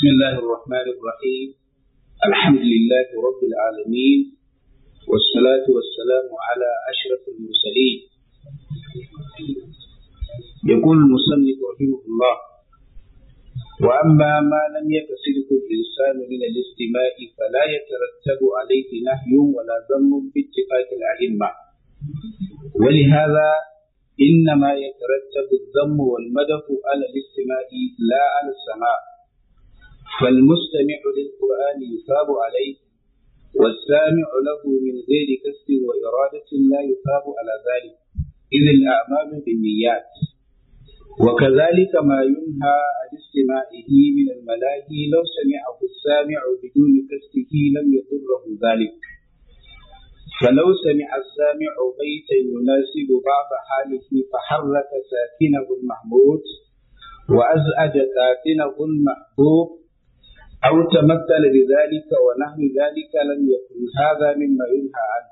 بسم الله الرحمن الرحيم الحمد لله رب العالمين والصلاة والسلام على أشرف المرسلين يقول المصنف رحمه الله وأما ما لم يفسده الإنسان من الاستماع فلا يترتب عليه نهي ولا ذم باتفاق الأئمة ولهذا إنما يترتب الذم والمدح على الاستماع لا على السماء فالمستمع للقرآن يثاب عليه والسامع له من غير كسب وإرادة لا يثاب على ذلك إذ الأعمال بالنيات وكذلك ما ينهى عن استماعه من الملاهي لو سمعه السامع بدون كسبه لم يضره ذلك فلو سمع السامع بيتا يناسب بعض حاله فحرك ساكنه المحمود وأزعج كاتنه المحبوب أو تمثل بذلك ونحو ذلك لم يكن هذا مما ينهى عنه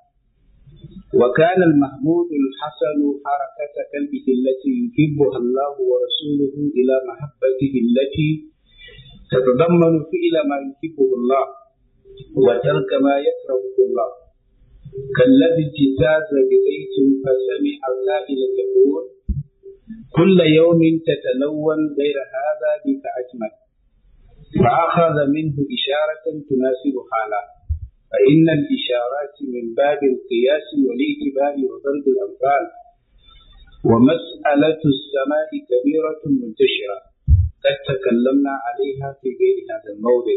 وكان المحمود الحسن حركة قلبه التي يحبها الله ورسوله إلى محبته التي تتضمن فعل ما يحبه الله وترك ما يكرهه الله كالذي اجتاز ببيت فسمع سائلا يقول كل يوم تتلون غير هذا بك أجمل فأخذ منه إشارة تناسب حاله فإن الإشارات من باب القياس والاعتبار وضرب الأمثال ومسألة السماء كبيرة منتشرة قد تكلمنا عليها في غير هذا الموضع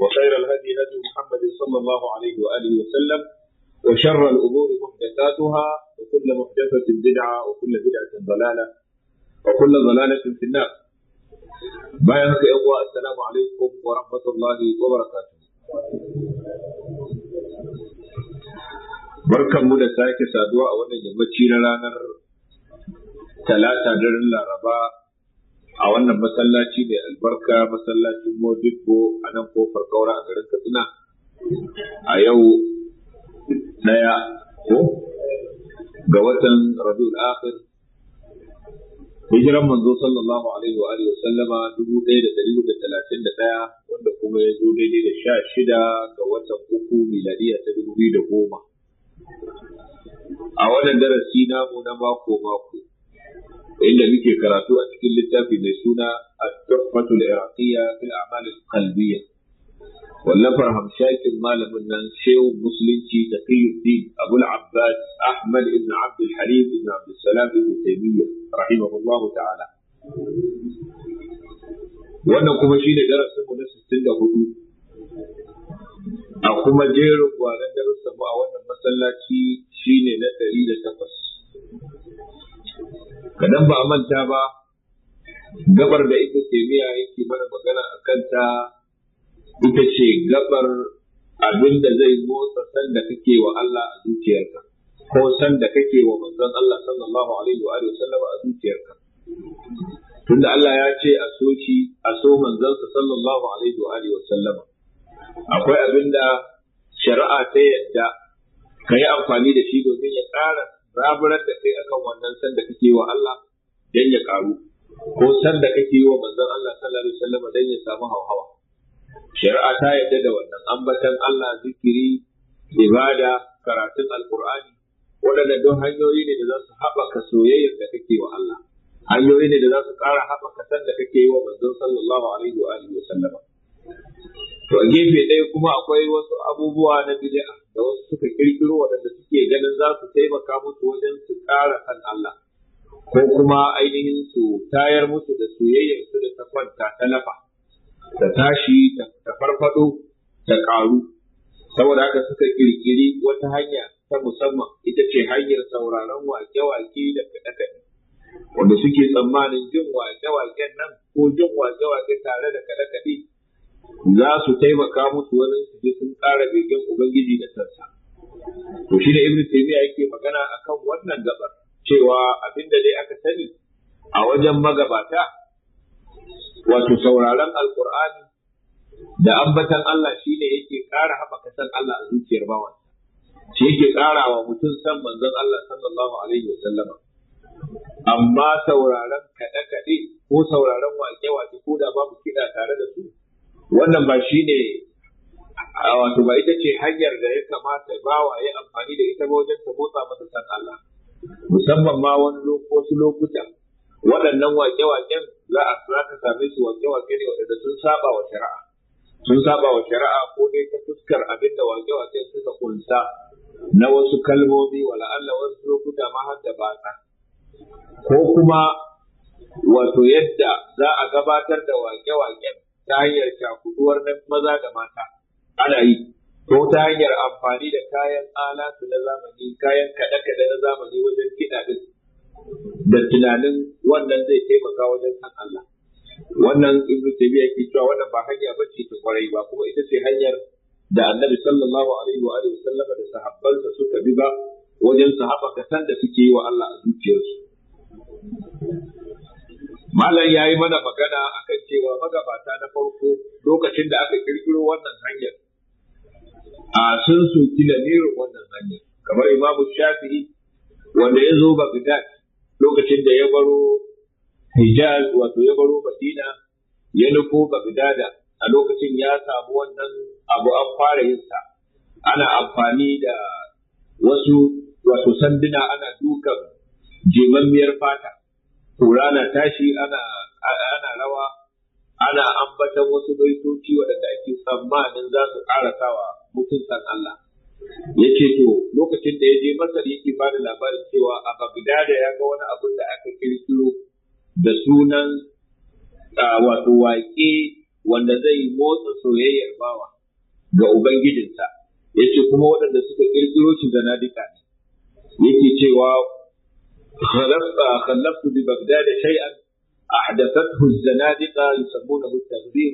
وخير الهدي هدي محمد صلى الله عليه واله وسلم وشر الامور محدثاتها وكل محدثه بدعه وكل بدعه ضلاله وكل ضلاله في النار بارك إخوة السلام عليكم ورحمه الله وبركاته barkan mu da sake saduwa a wannan yammaci na ranar talata daren laraba a wannan masallaci mai albarka masallacin modibbo a nan kofar kaura a garin katsina a yau daya ko ga watan rabiul akhir hijiran manzo sallallahu alaihi wa alihi sallama dubu ɗaya da ɗari da talatin da ɗaya wanda kuma ya zo daidai da sha shida ga watan uku miladiya ta dubu biyu da goma a wannan darasi namu na mako mako inda muke karatu a cikin littafi mai suna at-tuhfatul iraqiyya fil a'mal al-qalbiyya wallafar hamshakin malamin nan shehu musulunci taqiyuddin abul abbas ahmad ibn abd al-halim ibn abd salam ibn taymiyyah rahimahullah ta'ala wannan kuma shine darasin mu na 64 a kuma jerin gwanan darussan mu a wannan masallaci shine na 108 kadan ba manta ba gabar da ita ce miya yake mana magana a kanta ita ce gabar abin da zai motsa san da kake wa Allah a zuciyarka ko san da kake wa manzon Allah sallallahu alaihi wa sallama a zuciyarka tunda Allah ya ce a so shi a so sa sallallahu alaihi wa alihi akwai abin da shari'a ta yadda ka yi amfani da shi domin ya ƙara raburar da kai akan wannan san da kake wa Allah dan ya karu ko san da kake wa manzon Allah sallallahu alaihi wasallam dan ya samu hauhawa shari'a ta yadda da wannan ambatan Allah zikiri ibada karatun alqur'ani waɗanda don hanyoyi ne da za su haɓaka soyayyar da kake wa Allah hanyoyi ne da za su ƙara haɓaka san da kake yi wa manzon sallallahu alaihi wa sallama to a gefe ɗaya kuma akwai wasu abubuwa na bid'a da wasu suka kirkiro waɗanda suke ganin za su taimaka musu wajen su ƙara san Allah ko kuma ainihin su tayar musu da soyayyar su da ta kwanta ta lafa ta tashi ta farfado ta ƙaru saboda haka suka kirkiri wata hanya ta musamman ita ce hanyar sauraron wake-wake da kaɗe-kaɗe wanda suke tsammanin jin wake-waken nan ko jin wake-wake tare da kaɗe-kaɗe za su taimaka musu wani su je sun ƙara begen ubangiji da sassa to shi da ibn taymiya yake magana akan wannan gabar cewa abin da dai aka sani a wajen magabata wato sauraron Alƙur'ani da ambatan Allah shi shine yake ƙara haɓaka san Allah a zuciyar bawan shi yake ƙara wa mutum san manzon Allah sallallahu alaihi wa sallama amma sauraron kaɗe-kaɗe ko sauraron wake-wake ko da babu kiɗa tare da su wannan ba shi ne wato ba ita ce hanyar da ya kamata bawa ya amfani da ita ba wajen ta motsa masa san Allah musamman ma wani wasu lokuta waɗannan wake-waken za a za ka same su wake-waken ne waɗanda sun saba wa shari'a sun saba wa shari'a ko dai ta fuskar abin da wake waƙen suka kunsa na wasu kalmomi wala Allah wasu lokuta ma har da bata ko kuma wato yadda za a gabatar da wake-waken. ta hanyar cakuduwar na maza da mata ana yi ko ta hanyar amfani da kayan alatu na zamani kayan kaɗe-kaɗe na zamani wajen kiɗa din da tunanin wannan zai taimaka wajen san Allah wannan ibnu tabiya ke cewa wannan ba hanya bace ta kwarai ba kuma ita ce hanyar da annabi sallallahu alaihi wa alihi sallama da sahabbansa suka bi ba wajen sahaba kasan da suke yi wa Allah a zuciyarsu Malam ya yi mana magana a kan cewa magabata na farko lokacin da aka kirkiro wannan hanyar a sun soki lamirin wannan hanyar kamar imamu shafi'i wanda ya zo Baghdad lokacin da ya baro Hijaz wato ya baro Madina ya nufo Baghdada a lokacin ya samu wannan abu an fara yin ana amfani da wasu wato sanduna ana dukan jemammiyar fata kura na tashi ana rawa ana ambatan wasu baitoci waɗanda ake tsammanin za su ƙarasawa mutum san Allah ya ce to lokacin da ya je masar yake ba da labarin cewa a bagdada ya ga wani abin da aka kirkiro da sunan wato waƙe wanda zai motsa soyayyar bawa ga ubangijinsa ya ce kuma waɗanda suka kirkiro shi zanadika ne yake cewa خلفت ببغداد شيئا أحدثته الزنادقة يسمونه التغبير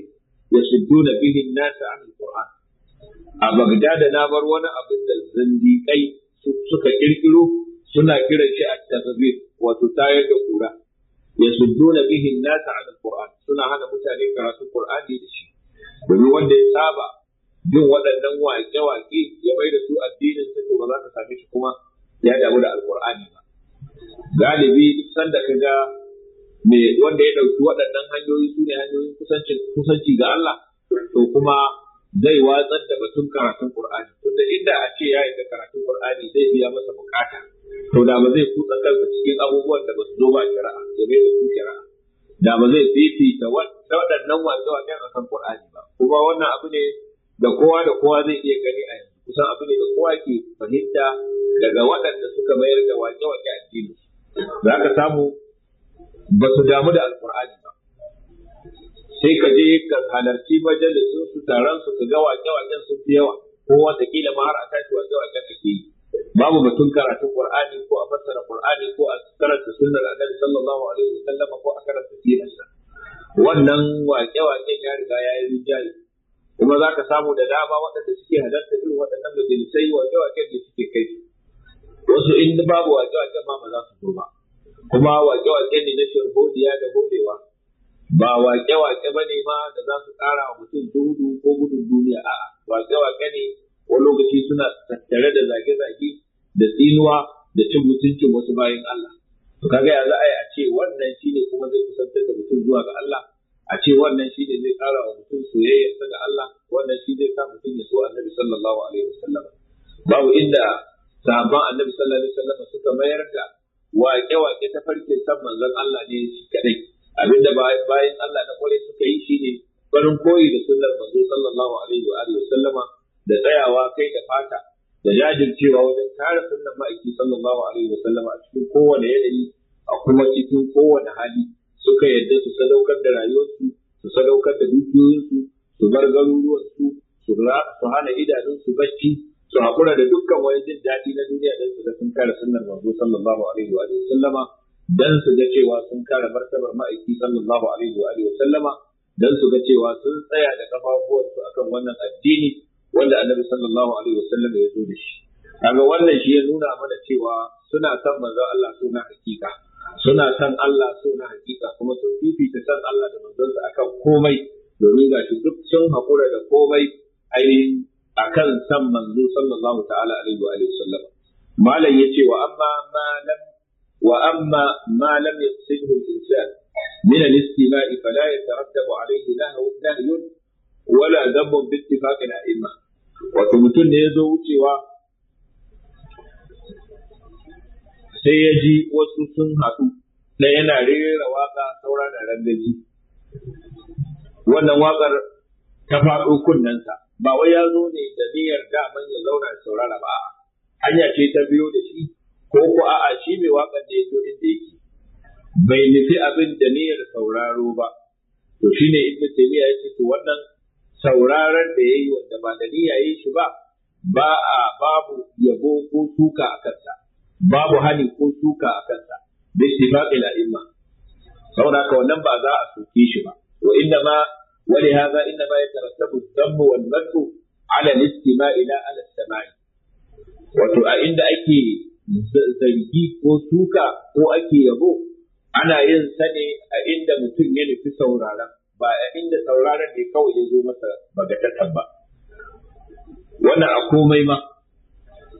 يصدون به الناس عن القرآن أبغداد نابر وانا أبن الزنديقي سكا إلكلو سنة كده شيء التغبير وتتاير كورا يصدون به الناس عن القرآن سنة هذا متعني كراسو القرآن دي شيء domin wanda ya saba jin waɗannan wake-wake ya mai da su addinin sa to ba za ka same shi kuma ya damu da alkur'ani ba galibi sanda ka ga me wanda ya ɗauki waɗannan hanyoyi su ne hanyoyin kusanci ga Allah to kuma zai watsar da batun karatun Qur'ani tunda inda a ce ya da karatun Qur'ani zai biya masa bukata to da ba zai kutsa kansa cikin abubuwan da ba su zo ba shari'a ya bai da su shari'a da ba zai fifita waɗannan wasu waken a kan Qur'ani ba kuma wannan abu ne da kowa da kowa zai iya gani a yanzu kusan abu ne da kowa ke fahimta daga waɗanda suka mayar da wake-wake addini za ka samu ba su damu da alkur'ani ba sai ka je ka halarci majalisun su taron su ka ga wake-waken sun fi yawa ko wata kila ma har a tashi wake-waken ke yi babu batun karatu ƙur'ani, ko a fassara qur'ani ko a karanta sunnar annabi sallallahu alaihi wasallam ko a karanta sirrinsa wannan wake-waken ya riga ya yi rinjaye kuma za ka samu da dama waɗanda suke halarta irin waɗannan majalisai wake-waken da suke kai wasu in babu wake-waken ma ba za su zo ba kuma wake waƙen ne na shirhodiya da godewa ba waƙe wake ba ne ma da za su ƙara wa mutum dudu ko gudun duniya a'a wake-wake ne ko lokaci suna tattare da zage-zage da tsinuwa da cin mutuncin wasu bayan Allah to kaga ya za a yi a ce wannan shine kuma zai kusantar da mutum zuwa ga Allah a ce wannan shi ne zai ƙara wa mutum soyayyarsa ga Allah wannan shi zai sa mutum ya so annabi sallallahu alaihi wasallam babu inda sahabban annabi sallallahu alaihi wasallam suka mayar da waƙe-waƙe ta farke san manzon Allah ne shi kadai abinda bayan Allah na kware suka yi shi ne barin koyi da sunnar manzo sallallahu alaihi wa sallama da tsayawa kai da fata da jajircewa wajen kare sunnar ma'aiki sallallahu alaihi wa sallama a cikin kowane yanayi a kuma cikin kowane hali suka yadda su sadaukar da rayuwarsu su sadaukar da dukiyoyinsu su bar garuruwarsu, su su hana idanunsu bacci su haƙura da dukkan wani jin daɗi na duniya don su ga sun kare sunnar manzo sallallahu alaihi wa sallama dan su ga cewa sun kare martabar ma'aiki sallallahu alaihi wa sallama dan su ga cewa sun tsaya da kafafuwansu akan wannan addini wanda annabi sallallahu alaihi wa sallam ya zo da shi kaga wannan shi ya nuna mana cewa suna son manzo Allah suna hakika suna san Allah suna hakika kuma sun fifita san Allah da manzonsa akan komai domin ga shi duk sun haƙura da komai ainihin akan san manzo sallallahu ta'ala alaihi wa alihi sallama malam yace wa amma ma lam wa amma ma lam yaqsidhu al-insan min al-istima'i fala yatarattabu alayhi nahyun wala dhanbun bi ittifaqi al-a'imma wato mutum ne ya zo wucewa sai ya ji wasu sun haɗu na yana rera waka saura da rangaji wannan wakar ta faɗo kunnensa ba wai ya zo ne da niyyar daman ya zauna da saurara ba hanya ce ta biyo da shi ko ku a'a shi mai wakar da ya zo inda yake bai nufi abin da niyyar sauraro ba to shine ibnu taymiya yake to wannan sauraron da yayi wanda ba da niyya yi shi ba ba a babu yabo ko tuka a kansa babu hani ko suka a kansa bi ila imma saboda ka wannan ba za a soke shi ba wa inda ma wa li hadha inda ma yatarattabu ad-dammu wal madhu ala al-istima' ila ala samai wato a inda ake zargi ko suka ko ake yabo ana yin sa ne a inda mutum ya nufi sauraron ba a inda sauraron ne kawai ya zo masa bagatatan ba wannan a komai ma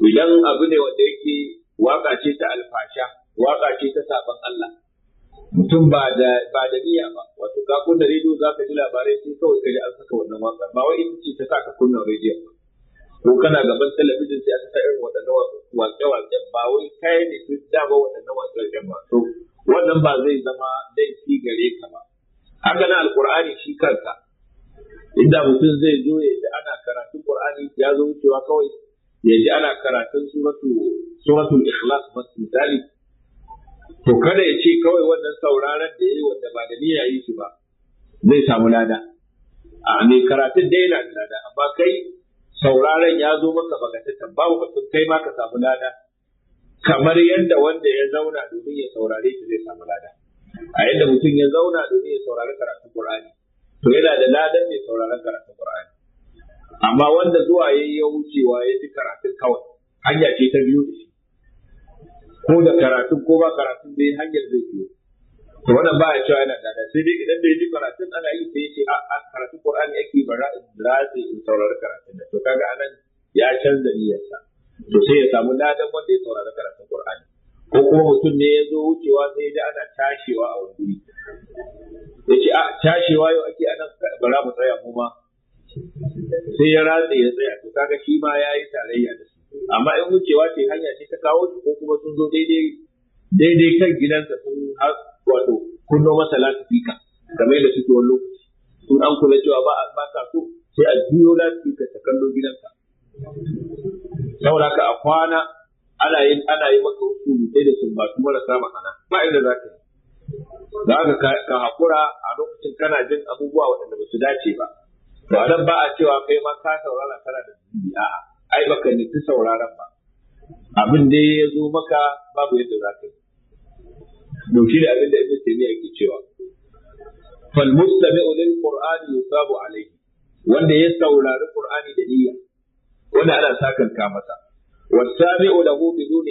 idan abu ne wanda yake waka ce ta alfasha waka ce ta sabon Allah mutum ba da ba da niyya ba wato ka kunna rediyo ka ji labarai sai kawai ka ji an saka wannan waka ba wai ita ce ta saka kunna rediyo ba ko kana gaban talabijin sai aka sa irin waɗannan waƙe-waƙen ba wai kai ne su dama waɗannan waƙe-waƙen ba to wannan ba zai zama laifi gare ka ba haka na alƙur'ani shi kanka. inda mutum zai zo ya ji ana karatun ƙur'ani ya zo wucewa kawai Yaji ana karatun suratul ikhlas ba misali to kada ya ce kawai wannan sauraron da ya yi wanda ba da niyya yi shi ba zai samu lada a ne karatun dai yana da lada amma kai sauraron ya zo maka bagatatan babu batun kai ma ka samu lada kamar yadda wanda ya zauna domin ya saurare shi zai samu lada a yadda mutum ya zauna domin ya saurari karatun Qur'ani to yana da ladan mai sauraron karatun Qur'ani amma wanda zuwa ya ya wucewa ya ji karatun kawai hanya ce ta biyu da shi ko da karatun ko ba karatun ya hanyar zai biyo to wannan ba ya cewa yana dada sai dai idan bai ji karatun ana yi sai ya ce a karatun Qur'ani yake bara in ratsi in saurari karatun da to kaga anan ya canza niyyarsa to sai ya samu ladan wanda ya saurari karatun Qur'ani ko kuma mutum ne ya zo wucewa sai ya ji ana tashewa a wani ya ce a tashewa yau ake anan bara mu tsaya mu ma sai ya ratsa ya tsaya to kaga shi ma ya yi tarayya da su amma in wucewa ce hanya ce ta kawo ko kuma sun zo daidai kan gidansa sun wato kunno masa lafifika game da su tuwon lokaci sun an kula cewa ba a ba sa so sai a biyo lafifika ta kallo gidansa saboda ka a kwana ana yin ana yi maka wasu sai da sun batu marasa ma'ana ba inda za ka yi za ka ka hakura a lokacin kana jin abubuwa waɗanda ba su dace ba Ba anan ba a cewa kai ma ka saurara kana da zunubi a'a ai baka nufi sauraron ba abin da ya zo maka babu yadda za ka yi doki da abin da ibn taymiya yake cewa fal mustami'u lil qur'ani yusabu alayhi wanda ya saurari qur'ani da niyya wanda ana sakanka masa lahu له بدون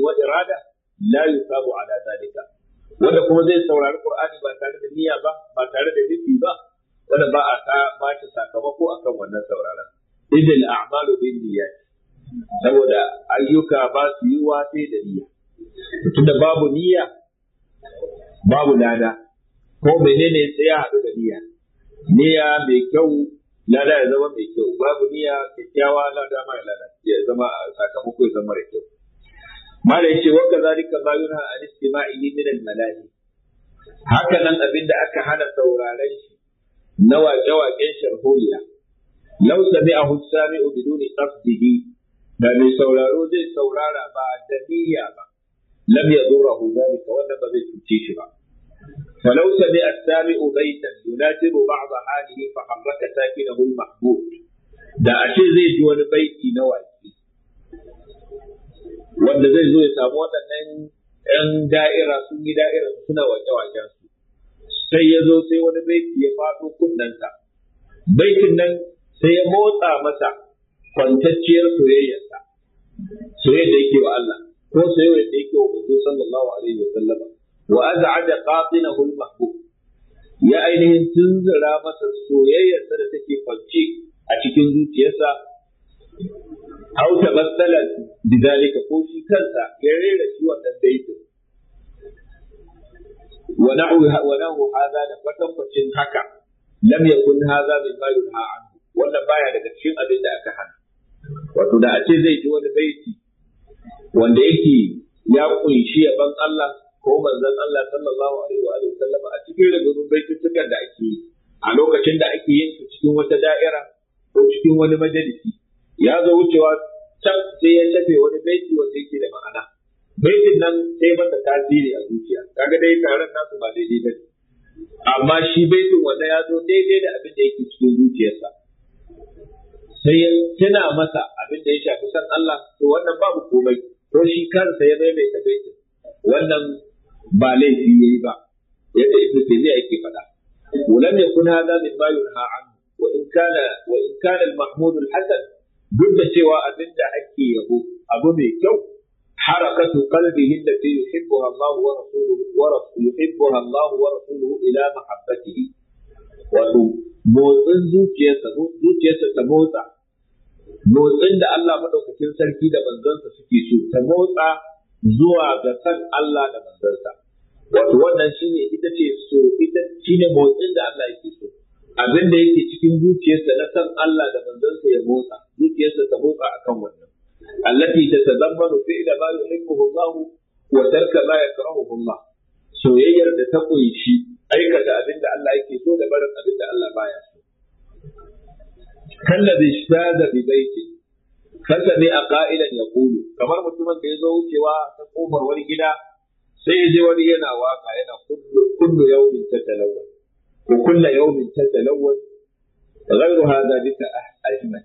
wa irada la yusabu ala zalika wanda kuma zai saurari Qur'ani ba tare da niyya ba ba tare da nufi ba wanda ba a ka ba ta sakamako akan wannan sauraron idil a'malu bin niyyat saboda ayyuka ba su yi wa sai da niyya tunda babu niyya babu lada ko menene sai ya haɗu da niyya niyya mai kyau lada ya zama mai kyau babu niyya kyakkyawa lada mai lada ya zama sakamako ya zama da kyau Mala ce wa kazalika ma yunha an istima'i min al malahi haka nan abinda aka hana sauraron shi na waƙe-waƙen sharholiya lau sami'ahu sami'u biduni qasdihi da mai sauraro zai saurara ba da niyya ba lam yadurruhu zalika wannan ba zai cuce shi ba a sami فلو سمع السامع بيتا يناسب بعض حاله فحرك ساكنه المحبوب da a ce zai ji wani baiti na waki wanda zai zo ya samu waɗannan 'yan da'ira sun yi da'ira suna wake-waken sai ya zo sai wani baiti ya faɗo kunnensa baitin nan sai ya motsa masa kwantacciyar soyayyarsa soyayyar da yake wa Allah ko soyayyar da yake wa Muhammadu sallallahu alaihi wa sallama wa az'ada qatinahu al-mahbub ya ainihin tunzura masa soyayyarsa da take kwance a cikin zuciyarsa hauta matsalar bidalika ko shi kansa ya rera shi wannan baitin wa na'u wa na'u da kwatankwacin haka lam yakun hadha min ma yunha anhu wannan baya daga cikin abinda aka hana wato da a ce zai ji wani baiti wanda yake ya kunshi yaban Allah ko manzon Allah sallallahu alaihi wa alihi a cikin rubutun baitutukan da ake yi a lokacin da ake yin su cikin wata da'ira ko cikin wani majalisi ya zo wucewa can sai ya tafe wani baiti wanda yake da ma'ana baitin nan sai masa tasiri a zuciya kaga dai taron nasu ba daidai ba ne. amma shi baitin wanda ya zo daidai da abin da yake cikin zuciyarsa sai ya tuna masa abin da ya shafi san Allah to wannan babu komai ko shi kansa ya maimaita baitin wannan ba laifi yi ba yadda ibnu taymiya yake faɗa ولم يكن هذا مما ينهى عنه وان كان وان كان المحمود الحسن duk da cewa abin da ake yabo abu mai kyau حركة قلبه التي يحبها الله ورسوله يحبها الله ورسوله إلى محبته wato motsin zuciyarsa zuciyarsa ta motsa motsin da Allah madaukakin sarki da manzansa suke so ta motsa zuwa ga san Allah da manzansa wato wannan shine ita ce so ita shine motsin da Allah yake so abin da yake cikin zuciyarsa na san Allah da manzansa ya motsa zuciyarsa ta motsa akan wannan allati tatadammanu fi'la da yuhibbuhu Allah wa tarka ma yakrahuhu Allah soyayyar da ta kunshi aikata abin da Allah yake so da barin abin da Allah baya so kallazi ishtada bi baiti fasami a qa'ilan yaqulu kamar mutumin da ya zo wucewa ta kofar wani gida sai ya je wani yana waka yana kullu kullu yawmin tatalawwal wa kullu غير هذا بك أجمل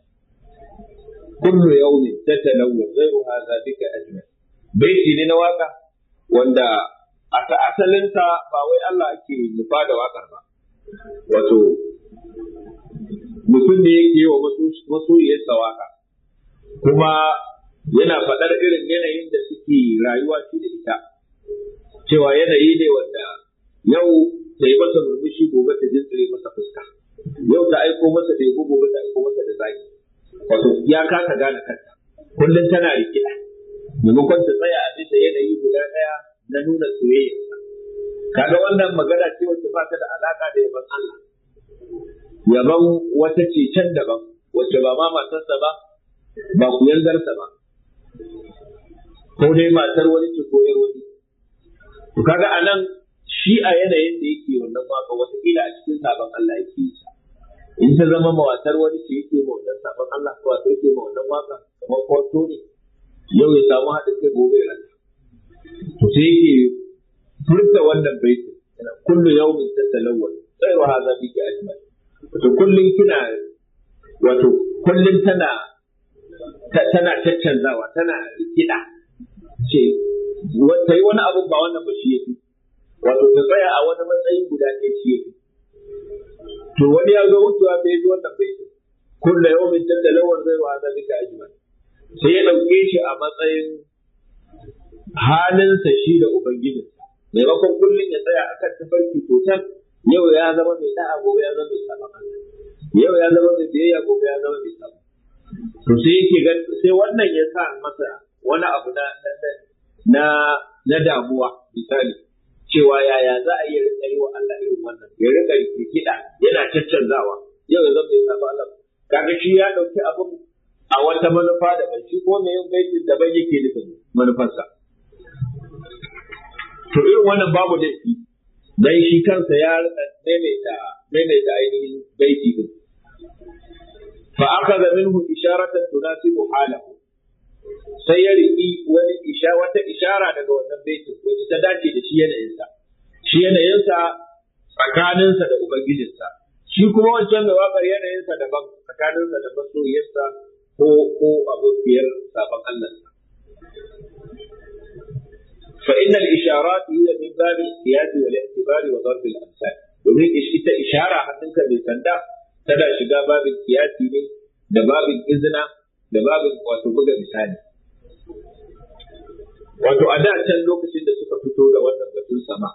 kullu yawmin tatalawwa ghayru hadha bika ajmal baiti ne na waka wanda a ta ba wai Allah ake nufa da wakar ba wato mutum ne yake yi wa masoyiyarsa waka kuma yana faɗar irin yanayin da suke rayuwa shi da ita cewa yanayi ne wanda yau ta yi masa murmushi gobe ta jintsire masa fuska yau ta aiko masa da gobe ta aiko masa da zaki wato ya kasa gane kanta kullum tana rikida maimakon ta tsaya a bisa yanayi guda ɗaya na nuna soyayya kaga wannan magana ce wacce ba ta da alaka da yaban Allah yaban wata ce can daban wacce ba ma matarsa ba ba ku yanzarsa ba ko dai matar wani ce ko yar wani to kaga anan shi a yanayin da yake wannan wata kila a cikin sabon Allah yake yi in ta zama mawatar wani ke yake ma wannan sabon Allah ko ta yake ma wannan waka kamar kwarto ne yau ya samu haɗin kai gobe ya rasa to sai yake furta wannan baiti yana kullu yawmin tatalawwal sai wa hadha bi ajmal to kullun kina wato kullun tana tana zawa, tana kiɗa ce ta yi wani abu ba wannan ba shi yake wato ta tsaya a wani matsayi guda ɗaya shi yake to wani ya ga mutuwa bai ji wannan baitin mai yawmin tatalawar zai wa zalika ajmal sai ya dauke shi a matsayin halinsa shi da ubangijinsa maimakon kullum ya tsaya a kan tafarki total yau ya zama mai da'a gobe ya zama mai sama yau ya zama mai biyayya gobe ya zama mai sama to sai yake ga sai wannan ya sa masa wani abu na na na damuwa misali cewa yaya za a iya rika yi wa Allah irin wannan ya rika kiɗa yana caccanzawa yau zan bai saba Allah kaga shi ya dauki abin a wata manufa da ban shi ko mai yin baitin da ban yake nufin manufarsa to irin wannan babu shi dan shi kansa ya maimaita maimaita ainihin baiti din fa akhadha minhu isharatan tunasibu halahu sai ya riƙi wani isha wata ishara daga wannan baitin wacce ta dace da shi yanayinsa shi yanayinsa tsakaninsa da ubangijinsa shi kuma wancan mai waƙar yanayinsa daban tsakaninsa da masoyinsa ko ko abokiyar sabon Allah fa al isharat hiya min bab al-qiyas wal i'tibar wa darb al-amsal domin ita ishara hannunka mai sanda tana shiga babin kiyasi ne da babin izina da babu wato buga misali wato a da can lokacin da suka fito da wannan batun sama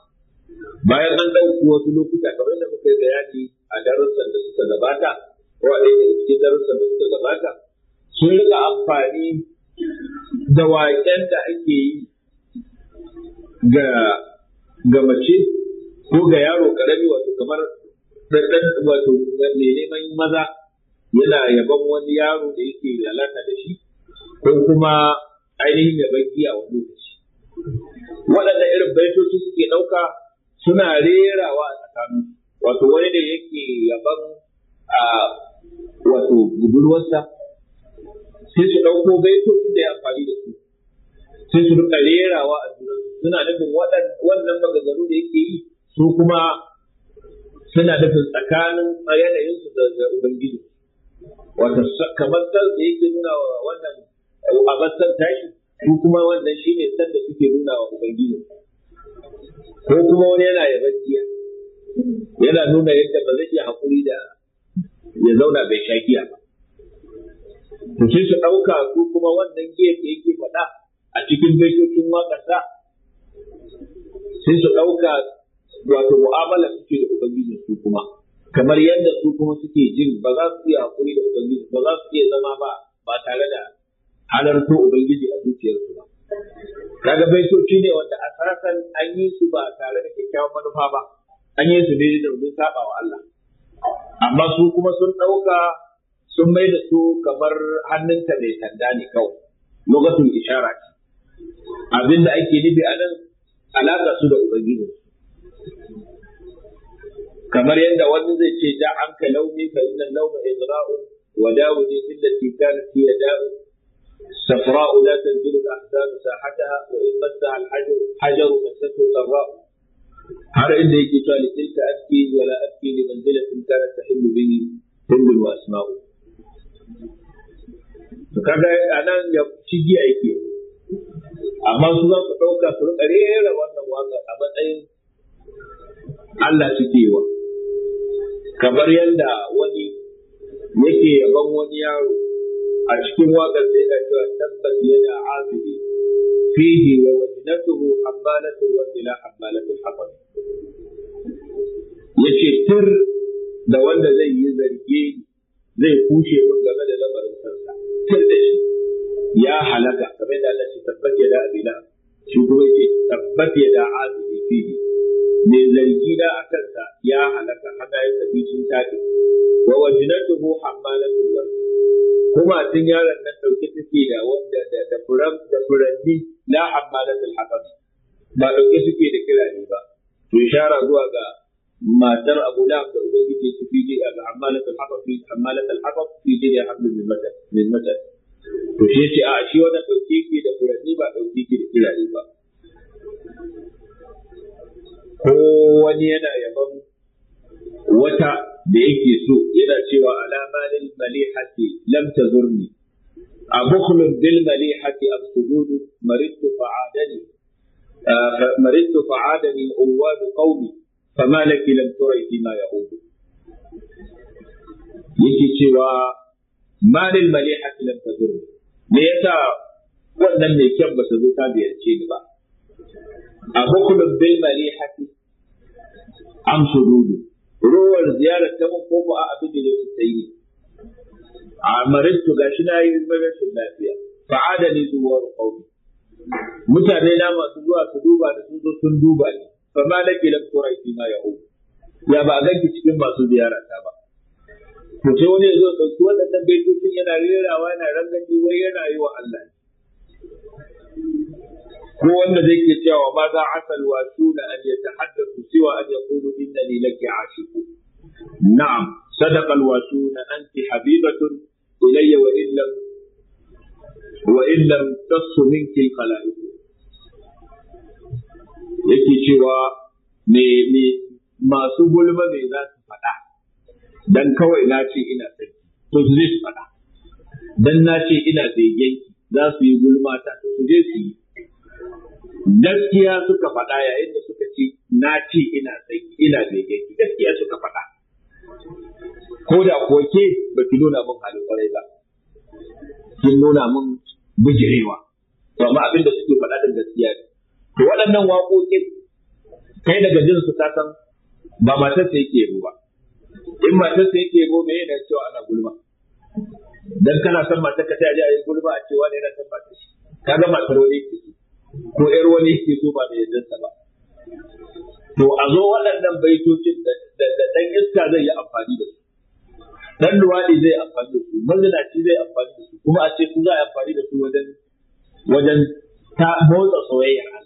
bayan an ɗauki wasu lokuta kamar da muka yi bayani a darussan da suka gabata ko a ɗaya daga cikin darussan da suka gabata sun riƙa amfani da waƙen da ake yi ga ga mace ko ga yaro ƙarami wato kamar wato mai neman maza yana yaban wani yaro da yake lalata da shi ko kuma ainihin yaban giya wani lokaci Waɗanda irin baitoci suke ɗauka suna rerawa a tsakanin wato wani da yake yaban a wato budurwarsa sai su ɗauko baitocin da ya amfani da su sai su rika rerawa a junan suna nufin wannan maganganu da yake yi su kuma suna nufin tsakanin yanayinsu da ubangiji wato kamar san da yake nuna wa wannan abin san tashi su kuma wannan ne san da suke nuna wa ubangiji ko kuma wani yana yabantiya yana nuna yadda ba zai iya hakuri da ya zauna bai shakiya ba to su ɗauka su kuma wannan gefe yake faɗa a cikin baitocin waƙarsa sai su ɗauka wato mu'amala suke da ubangiji su kuma kamar yadda su kuma suke jin ba za su iya hakuri da ubangiji ba za su iya zama ba ba tare da halarto ubangiji a zuciyarsu ba kaga shi ne wanda a sarasan an yi su ba tare da kyakkyawan manufa ba an yi su ne domin saba wa Allah amma su kuma sun ɗauka sun mai da su kamar hannunta mai sanda ne kawai lokacin ishara ce abinda ake nufi a nan alaƙa su da ubangiji kamar yadda wani zai ce da an ka laumi fa inna lauma idra'u wa dawuni billati kanat fi da'u safra'u la tanzilu al-ahzanu sahataha wa in massaha al-hajaru hajaru massathu sarra'u har inda yake cewa li tilka aski wa la aski li manzilatin kanat tahillu bihi kullu wa asma'u to kaga anan ya cigiya yake amma su za su ɗauka su rika rera wannan waƙar a matsayin Allah suke wa. kamar yadda wani yake yaban wani yaro a cikin waƙar sai da cewa tabbas yana azumi fihi wa wajnatuhu wa ila hammalatul hatab yace tir da wanda zai yi zarge zai kushe mun game da lamarin sarsa tir da shi ya halaka kamar yadda Allah ya tabbata da abila shi kuma yake tabbata da azumi fihi mai zargi na a kansa ya halaka hannayensa tafi sun tafi wa amma na wardi kuma tun yaron nan dauke take da wanda da da furan da furanni la hammalatul hatab ba dauke suke da ne ba to ishara zuwa ga matar Abu Lahab da ubangiji su fi a ga amma na fi hammalatul hatab fi jiya hablum min matal min matal to shi ce a shi wannan dauke ke da furanni ba dauke ke da ne ba ko wani yana yaban wata da yake so yana cewa alama lil mali hati lam ta zurni a bukulun dil mali hati a sududu maritu fa'adani eh, maritu fa'adani uwadu kauni fama lam turai fi ma yahudu yake cewa malil mali hati lam ta me yasa wannan mai kyan ba su zo ta ziyarce ni ba mare bil an su sududu ruwar ziyarar ta mun koko a abin da yau sai maristu ga shi na yi rashin lafiya fa'ada ni zuwar qaumi mutane na masu zuwa su duba da sun zo sun duba ne, fa ma da kura turai fi ma ya'u ya ba ki cikin masu ziyara ta ba to sai wani ya zo dauki waɗannan baitocin yana rerawa yana rangaji wai yana yi wa Allah ko wanda zai ke cewa ma za asal da an haddasa siwa an yaqulu innani laki shiku. na'am na an anti habibatun ilayya wa illam wa illam tasu ke kala'iku. yake cewa me me masu gulma me za su faɗa dan kawai na ce ina sarki to su zai su faɗa dan na ce ina begen za su yi gulma ta su je su yi gaskiya suka faɗa yayin da suka ce na ci ina sai ina bege gaskiya suka faɗa ko da kuwa ke ba ki nuna min halin kwarai ba kin nuna min bujirewa to amma abin da suke faɗa din gaskiya ne to waɗannan waƙoƙin kai daga jin su san ba matar sai ke yabo ba in matar sai ke yabo me yana cewa ana gulma dan kana san matar ka ta ji a yi gulma a cewa ne yana san matar kaga matar wani yake ko ‘yar wani ke so ba da yardarsa ba. To a zo waɗannan baitocin da ɗan iska zai yi amfani da su. Ɗan luwaɗi zai amfani da su, mazinaci zai amfani da su, kuma a ce su za a amfani da su wajen wajen ta motsa soyayya Allah.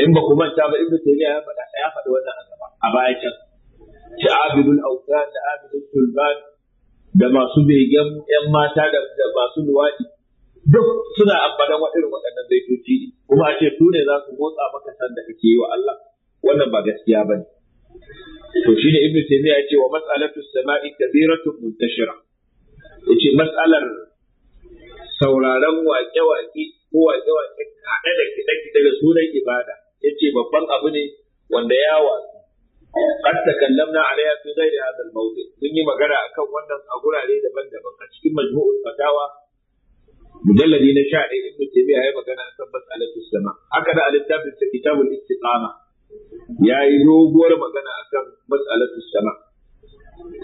In ba ku manta ba Ibn Taymiyyah ya faɗa ya faɗi wannan azaba a baya can. Ci abidul auka da abidul tulban da masu begen ‘yan mata da masu luwaɗi duk suna ambadan irin waɗannan zaitoci ne kuma a ce su ne za su motsa maka san da kake yi wa Allah wannan ba gaskiya ba ne to shi ne ibnu ya ce wa mas'alatu sama'i kabiratun muntashira yace mas'alar sauraron waƙe-waƙe ko waƙe-waƙe haɗe da kiɗe-kiɗe da sunan ibada yace babban abu ne wanda ya watsu قد تكلمنا عليها في غير هذا الموضع mun yi magana akan wannan a gurare daban-daban a cikin majmu'ul fatawa mujalladi na sha ɗaya ibn tabi'a ya magana akan mas'alatu sama haka da littafin sa kitabul ya yi doguwar magana akan mas'alatu sama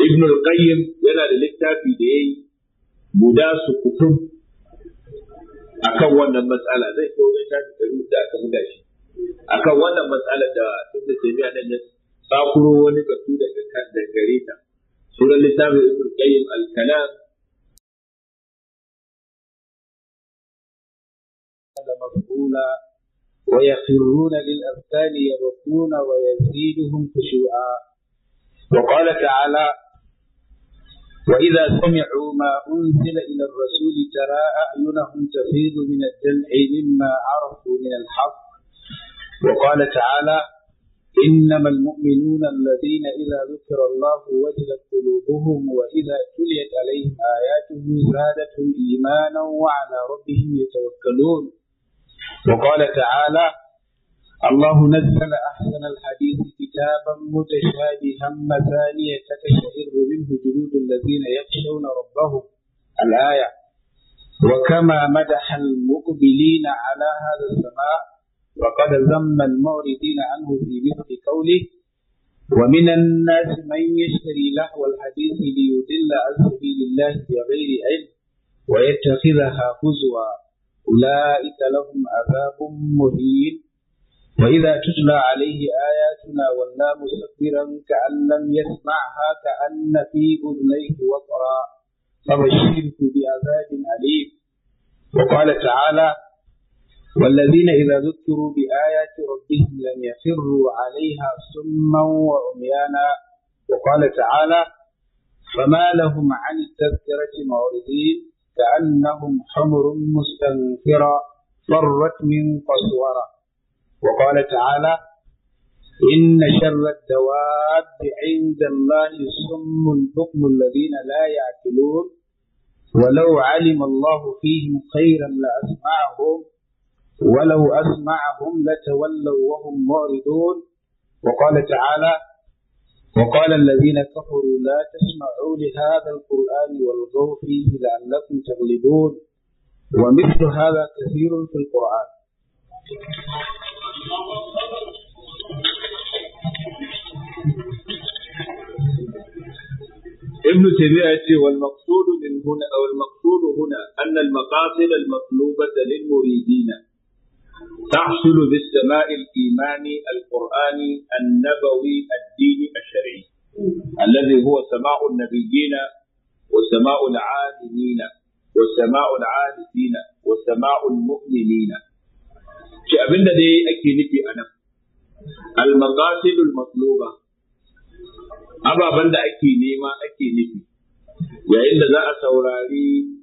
ibn al-qayyim yana da littafi da yayi guda su kutum akan wannan matsala zai kai wajen shafi ɗari da aka buga shi akan wannan matsala da ibn tabi'a nan ya sakuro wani batu daga gare ta sunan littafin ibn qayyim al مفعولا ويخرون للأذكار يبكون ويزيدهم خشوعا وقال تعالى وإذا سمعوا ما أنزل إلى الرسول ترى أعينهم تفيض من الدمع مما عرفوا من الحق وقال تعالى إنما المؤمنون الذين إذا ذكر الله وجلت قلوبهم وإذا تليت عليهم آياته زادتهم إيمانا وعلى ربهم يتوكلون وقال تعالى الله نزل أحسن الحديث كتابا متشابها مثانية تقشعر منه جلود الذين يخشون ربهم الآية وكما مدح المقبلين على هذا السماء وقد ذم المعرضين عنه في مثل قوله ومن الناس من يشتري لهو الحديث ليضل عن سبيل الله بغير علم ويتخذها هزوا أولئك لهم عذاب مهين وإذا تتلى عليه آياتنا ولى مستكبرا كأن لم يسمعها كأن في أذنيه وقرا فبشرك بعذاب أليم وقال تعالى والذين إذا ذكروا بآيات ربهم لم يخروا عليها سما وعميانا وقال تعالى فما لهم عن التذكرة معرضين كأنهم حمر مستنفرة فرت من قسورة وقال تعالى إن شر الدواب عند الله صم البكم الذين لا يعقلون ولو علم الله فيهم خيرا لأسمعهم ولو أسمعهم لتولوا وهم معرضون وقال تعالى وقال الذين كفروا لا تسمعوا لهذا القرآن والغوا فيه لعلكم تغلبون ومثل هذا كثير في القرآن ابن تيمية والمقصود من هنا أو المقصود هنا أن المقاصد المطلوبة للمريدين تحصل باستماع الإيمان القرآني النبوي الديني الشرعي الذي هو سماع النبيين وسماع العالمين وسماع العارفين وسماع المؤمنين ce abin da dai ake nufi a nan almaqasidul matluba ababen da ake nema ake nufi yayin da za a saurari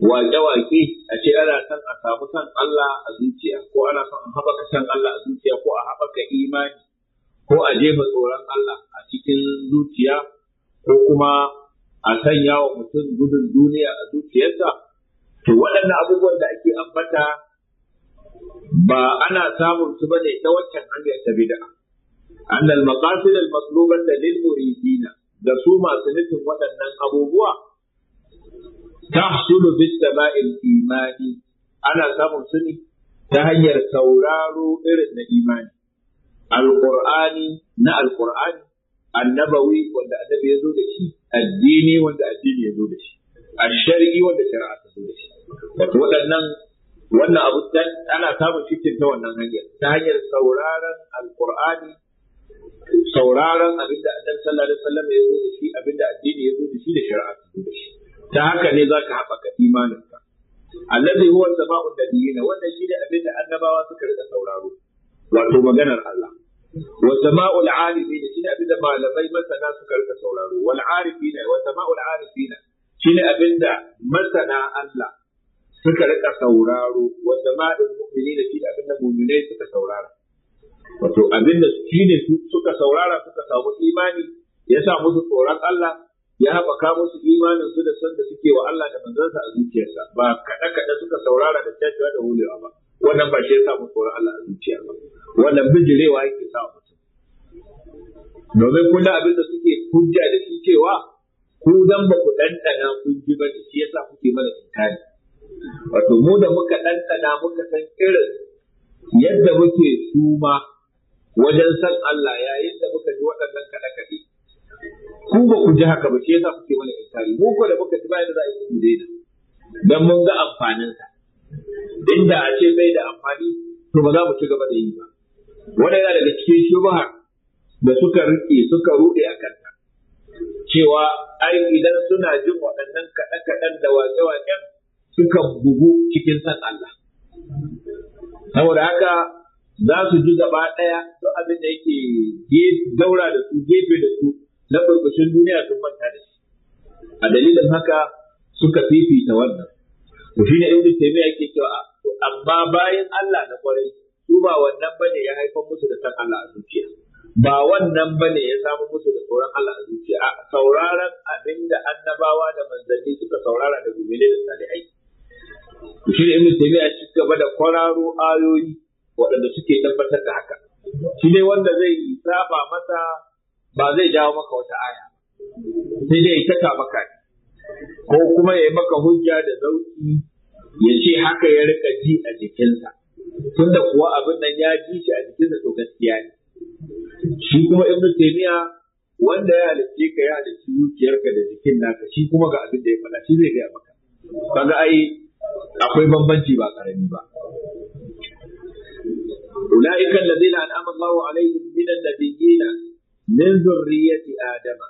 wake waƙe a ce ana son a samu son Allah a zuciya ko ana son a haɓaka son Allah a zuciya ko a haɓaka imani ko a jefa tsoron Allah a cikin zuciya ko kuma a sanya wa mutum gudun duniya a zuciyarsa to waɗannan abubuwan da ake ambata ba ana samun su ba ne ta wancan hanyar ta bid'a annal maqasid al matlubata lil muridina da su masu nufin waɗannan abubuwa tahsulu bis sama'il imani ana samun su ta hanyar sauraro irin na imani alqur'ani na alqur'ani annabawi wanda annabi ya zo da addini wanda ya zo wanda shari'a ta zo wannan abu ana samun shi ta wannan hanyar ta hanyar sauraron alqur'ani sauraron abinda annabi sallallahu alaihi wasallam ya zo da shi abinda addini ya zo da shi da shari'a ta zo da shi ta haka ne za ka haɓaka imaninka allazi huwa sama'un nabiyina wannan shine abin da annabawa suka rika sauraro wato maganar Allah wa sama'ul alimin ne abin da malamai masana suka rika sauraro wal arifina wa sama'ul arifina shine abin da masana Allah suka rika sauraro wa sama'ul mu'minina shine abin da mu'minai suka saurara wato abin da ne suka saurara suka samu imani ya sa musu tsoron Allah ya haɓaka musu imanin su da son da suke wa Allah da manzansa a zuciyarsa ba kaɗa kaɗa suka saurara da cacewa da hulewa ba wannan ba shi ya samu tsoron Allah a zuciya ba wannan bijirewa yake sa mutum domin kuna abin suke hujja da shi cewa ku dan ba ku ɗanɗana kun ji ba da shi yasa kuke mana inkari wato mu da muka ɗanɗana muka san irin yadda muke suma wajen san Allah yayin da muka ji waɗannan kaɗe-kaɗe ku ba ku ji haka ba shi yasa kuke mana inkari mu ko da muka ci bayan da za a yi ku daina dan mun ga amfanin sa inda a ce bai da amfani to ba za mu ci gaba da yi ba wannan yana daga cikin shubha da suka rike suka rude a kanta cewa ai idan suna jin waɗannan kaɗe kaɗan da wace-wacen suka bugu cikin san Allah saboda haka za su ji gaba ɗaya duk abin da yake daura da su gefe da su na ƙarƙashin duniya sun manta da shi a dalilin haka suka fifita wannan to ne ibnu taymiya yake cewa ah, amma bayan Allah na ƙwarai su ba wannan bane ya haifar musu da san Allah a zuciya ba wannan bane ya samu musu da sauran Allah a zuciya a sauraron abinda annabawa da manzanni suka saurara da gumile da salihai to ne ibnu taymiya shi gaba da kwararo ayoyi waɗanda suke tabbatar da haka shi ne wanda zai saba masa ba zai jawo maka wata aya sai dai ta taka maka ko kuma ya maka hujja da zauki ya ce haka ya rika ji a jikinsa tunda kuwa abin nan ya ji shi a jikinsa to gaskiya ne shi kuma ibnu taymiya wanda ya halicce ka ya halicci zuciyarka da jikin naka shi kuma ga abin da ya faɗa shi zai gaya maka kaga ai akwai bambanci ba karami ba أولئك الذين أنعم الله عليهم من النبيين من ذرية آدم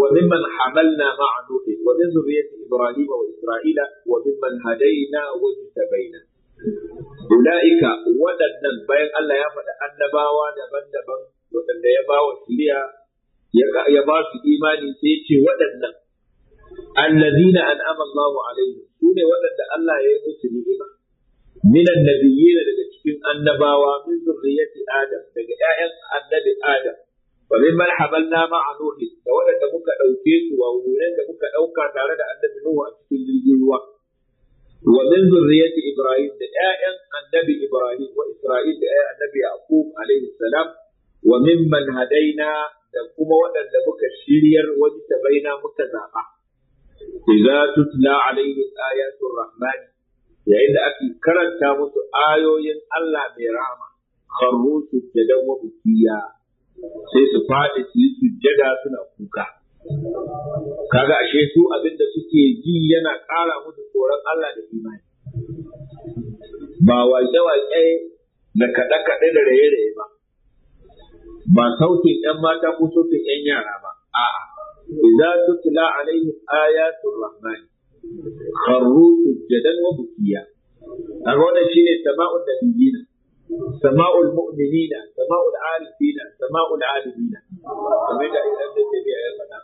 وممن حملنا مع نوح ومن ذرية إبراهيم وإسرائيل وممن هدينا واجتبينا ula'ika waɗannan bayan Allah ya faɗa annabawa daban-daban waɗanda ya ba wa shiriya ya ba imani sai ce waɗannan allazina an'ama Allahu alaihim su ne waɗanda Allah ya yi musu Minan min annabiyyin daga cikin annabawa min adam daga ƴaƴan annabi adam wa min man hamalna ma'a nuhi da waɗanda muka ɗauke su wa wurin da muka ɗauka tare da annabi nuhu a cikin jirgin ruwa wa min zurriyyati ibrahim da ƴaƴan annabi ibrahim wa isra'il da ƴaƴan annabi yaqub alaihi salam wa mimman hadaina da kuma waɗanda muka shiryar wani tabaina muka zaɓa idza tutla alaihim ayatul rahmani yayin da ake karanta musu ayoyin Allah mai rahama kharru sujjadan wa bukiya sai su faɗi su yi sujjada suna kuka kaga ashe su abinda suke ji yana ƙara musu tsoron Allah da imani ba waƙe-waƙe da kaɗe-kaɗe da raye-raye ba ba sautin 'yan mata ko sautin 'yan yara ba a'a idza tutla alaihim ayatul rahmani kharru sujjadan wa bukiya shi wannan shine da nabiyina sama'ul mu'minina sama'ul arifina sama'ul alimina kamar da idan da tabi'a ya faɗa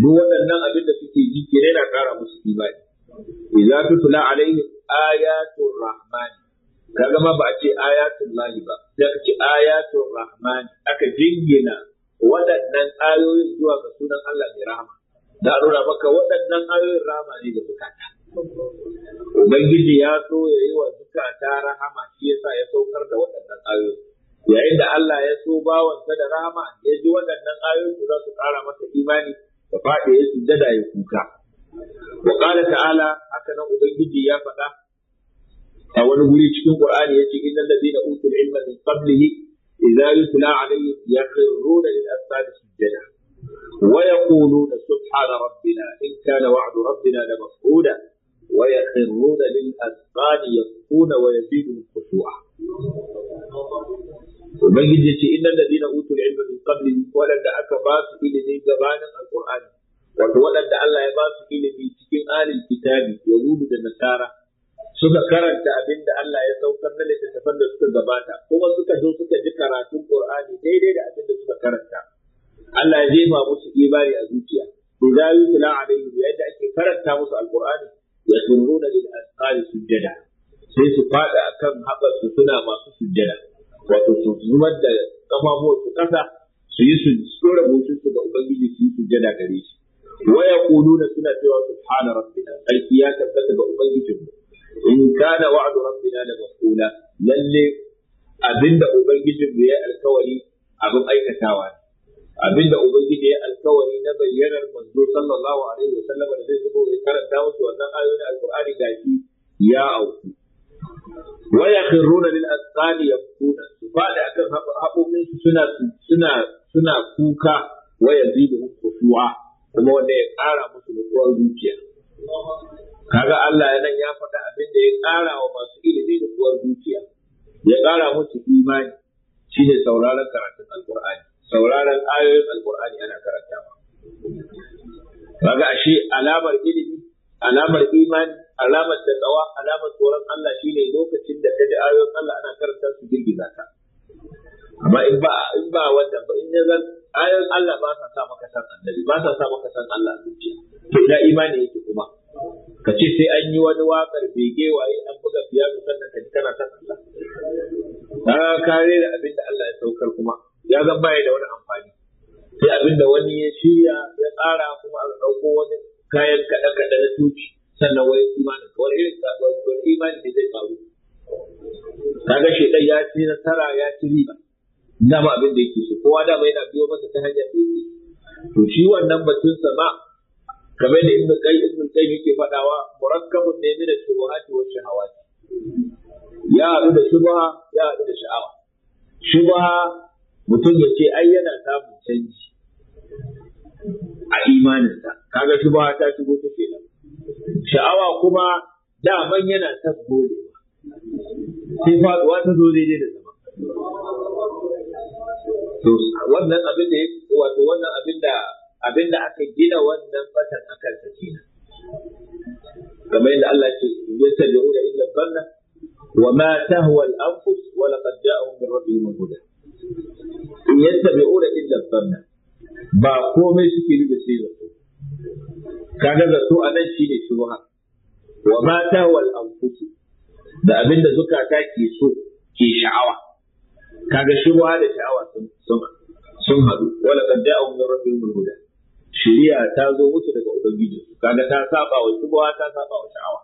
duk waɗannan abin da suke ji kire na ƙara musu imani idza tutla alaihim Ayatu Rahman. kaga ma ba a ce Ayatu lahi ba sai aka ce Ayatu Rahman. aka jingina waɗannan ayoyin zuwa ga sunan Allah mai rahama da nuna maka waɗannan ayoyin rahama ne da bukata ubangiji ya so ya yi wa ɗauka ta rahama shi yasa ya saukar da waɗannan ayoyi yayin da Allah ya so bawansa da rahama ya ji waɗannan ayoyi su za su ƙara masa imani da faɗi ya sujjada ya kuka wa qala ta'ala haka nan ubangiji ya faɗa a wani guri cikin qur'ani yace innal ladina utul ilma min qablihi idza yutla alayhim yakhruna lil asfar sujjada ويقولون سبحان ربنا إن كان وعد ربنا لمفعولا ويخرون للأذقان يبكون ويزيدهم خشوعا ubangiji ya ce innal ladina utul ilma min qabli wadanda aka ba su ilimi gabanin alqur'ani wato wadanda Allah ya ba su ilimi cikin alil kitabi yahudu da nasara suka karanta abin da Allah ya saukar na littattafan da suka gabata kuma suka zo suka ji karatun qur'ani daidai da abin da suka karanta Allah ya jefa musu imani a zuciya to da yutla alaihim yadda ake karanta musu alqur'ani yadurruna lil asqari sujjada sai su fada akan haɓar su suna masu sujada, wato su zumar da kafafuwan su kasa su yi su tsora butun su ga ubangiji su yi sujada gare shi wa yaquluna suna cewa subhana rabbina sarki ya tabbata ga ubangijin in kana wa'du rabbina da maqula lalle abinda ubangijin ya alkawari abin aikatawa ne Abin da ubangiji ya alkawari na bayyanar manzo sallallahu alaihi wasallam da zai zubo ya karanta musu wannan ayoyin alqur'ani gashi ya auku wa yakhruna lil azqani yabkuna su fada akan haƙoƙin su suna suna suna kuka wa yazidu khushu'a kuma wanda ya ƙara musu nutsuwar zuciya kaga Allah ya nan ya faɗa abin da ya ƙara wa masu ilimi da nutsuwar zuciya ya ƙara musu imani shine sauraron karatun alqur'ani sauraron ayoyin alkur'ani ana karanta karantawa kaga ashe alamar ilimi alamar imani alamar tsawa, alamar tsoron Allah shine lokacin da ka ji ayoyin Allah ana karanta su girgiza ka amma in ba in ba wannan ba in ya zan ayoyin Allah ba sa sa maka san annabi ba sa sa maka san Allah zuciya to ina imani yake kuma ka ce sai an yi wani wakar bege waye an buga piano sannan ka ji kana san Allah ka kare da abin da Allah ya saukar kuma ya zan baya da wani amfani sai abin da wani ya shirya ya tsara kuma a ɗauko wani kayan kaɗe-kaɗe na tuci sannan wani imani wani irin wani imani ne zai faru ga shekai ya ci nasara ya ci riba dama abin da yake so kowa dama yana biyo masa ta hanyar da yake to shi wannan batun sa ba kamar da ibnu kai ibnu kai yake fadawa murakkabun ne min shubuhati wa shahawati ya haɗu da shubha ya haɗu da sha'awa shubha mutum ya ce ai yana samun canji a imaninsa kaga shi ba ta shigo ta ke sha'awa kuma daman yana son gode sai faduwa ta zo daidai da zama to wannan abin da wato wannan abin da abin da aka gina wannan fatan akan sa kenan kamar yadda Allah ce da ila banna wa ma tahwa al-anfus wa laqad ja'a min rabbihim al bai ura illa sanna ba komai suke bi sai zato kaga su anan shine shubha wa mata wal anfus da abinda zukata ke so ke sha'awa kaga ruwa da sha'awa sun sun haɗu wala kan ja'ahum min rabbihim al-huda shari'a ta zo musu daga ubangiji kaga ta saba wa ruwa ta saba wa sha'awa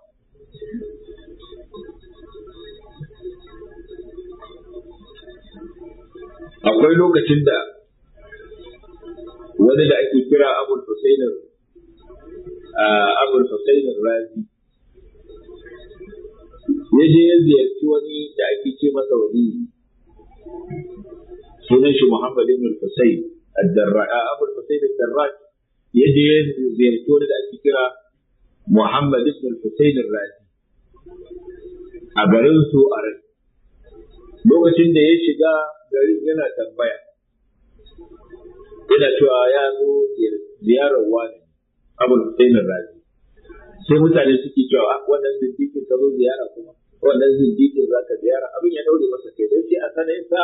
akwai lokacin da wani da ake kira abul husainar abul husainar razi ya je ya ziyarci wani da ake ce masa wani sunan shi muhammad ibn husain abul husain ad-darraj ya je ya ziyarci wani da ake kira muhammad ibn husain razi a garin su a lokacin da ya shiga garin yana tambaya yana cewa ya zo ziyarar wani abul husainin razi sai mutane suke cewa wannan zindikin ka zo ziyara kuma wannan zindikin za ka ziyara abin ya daure masa kai dan sai a sanayin sa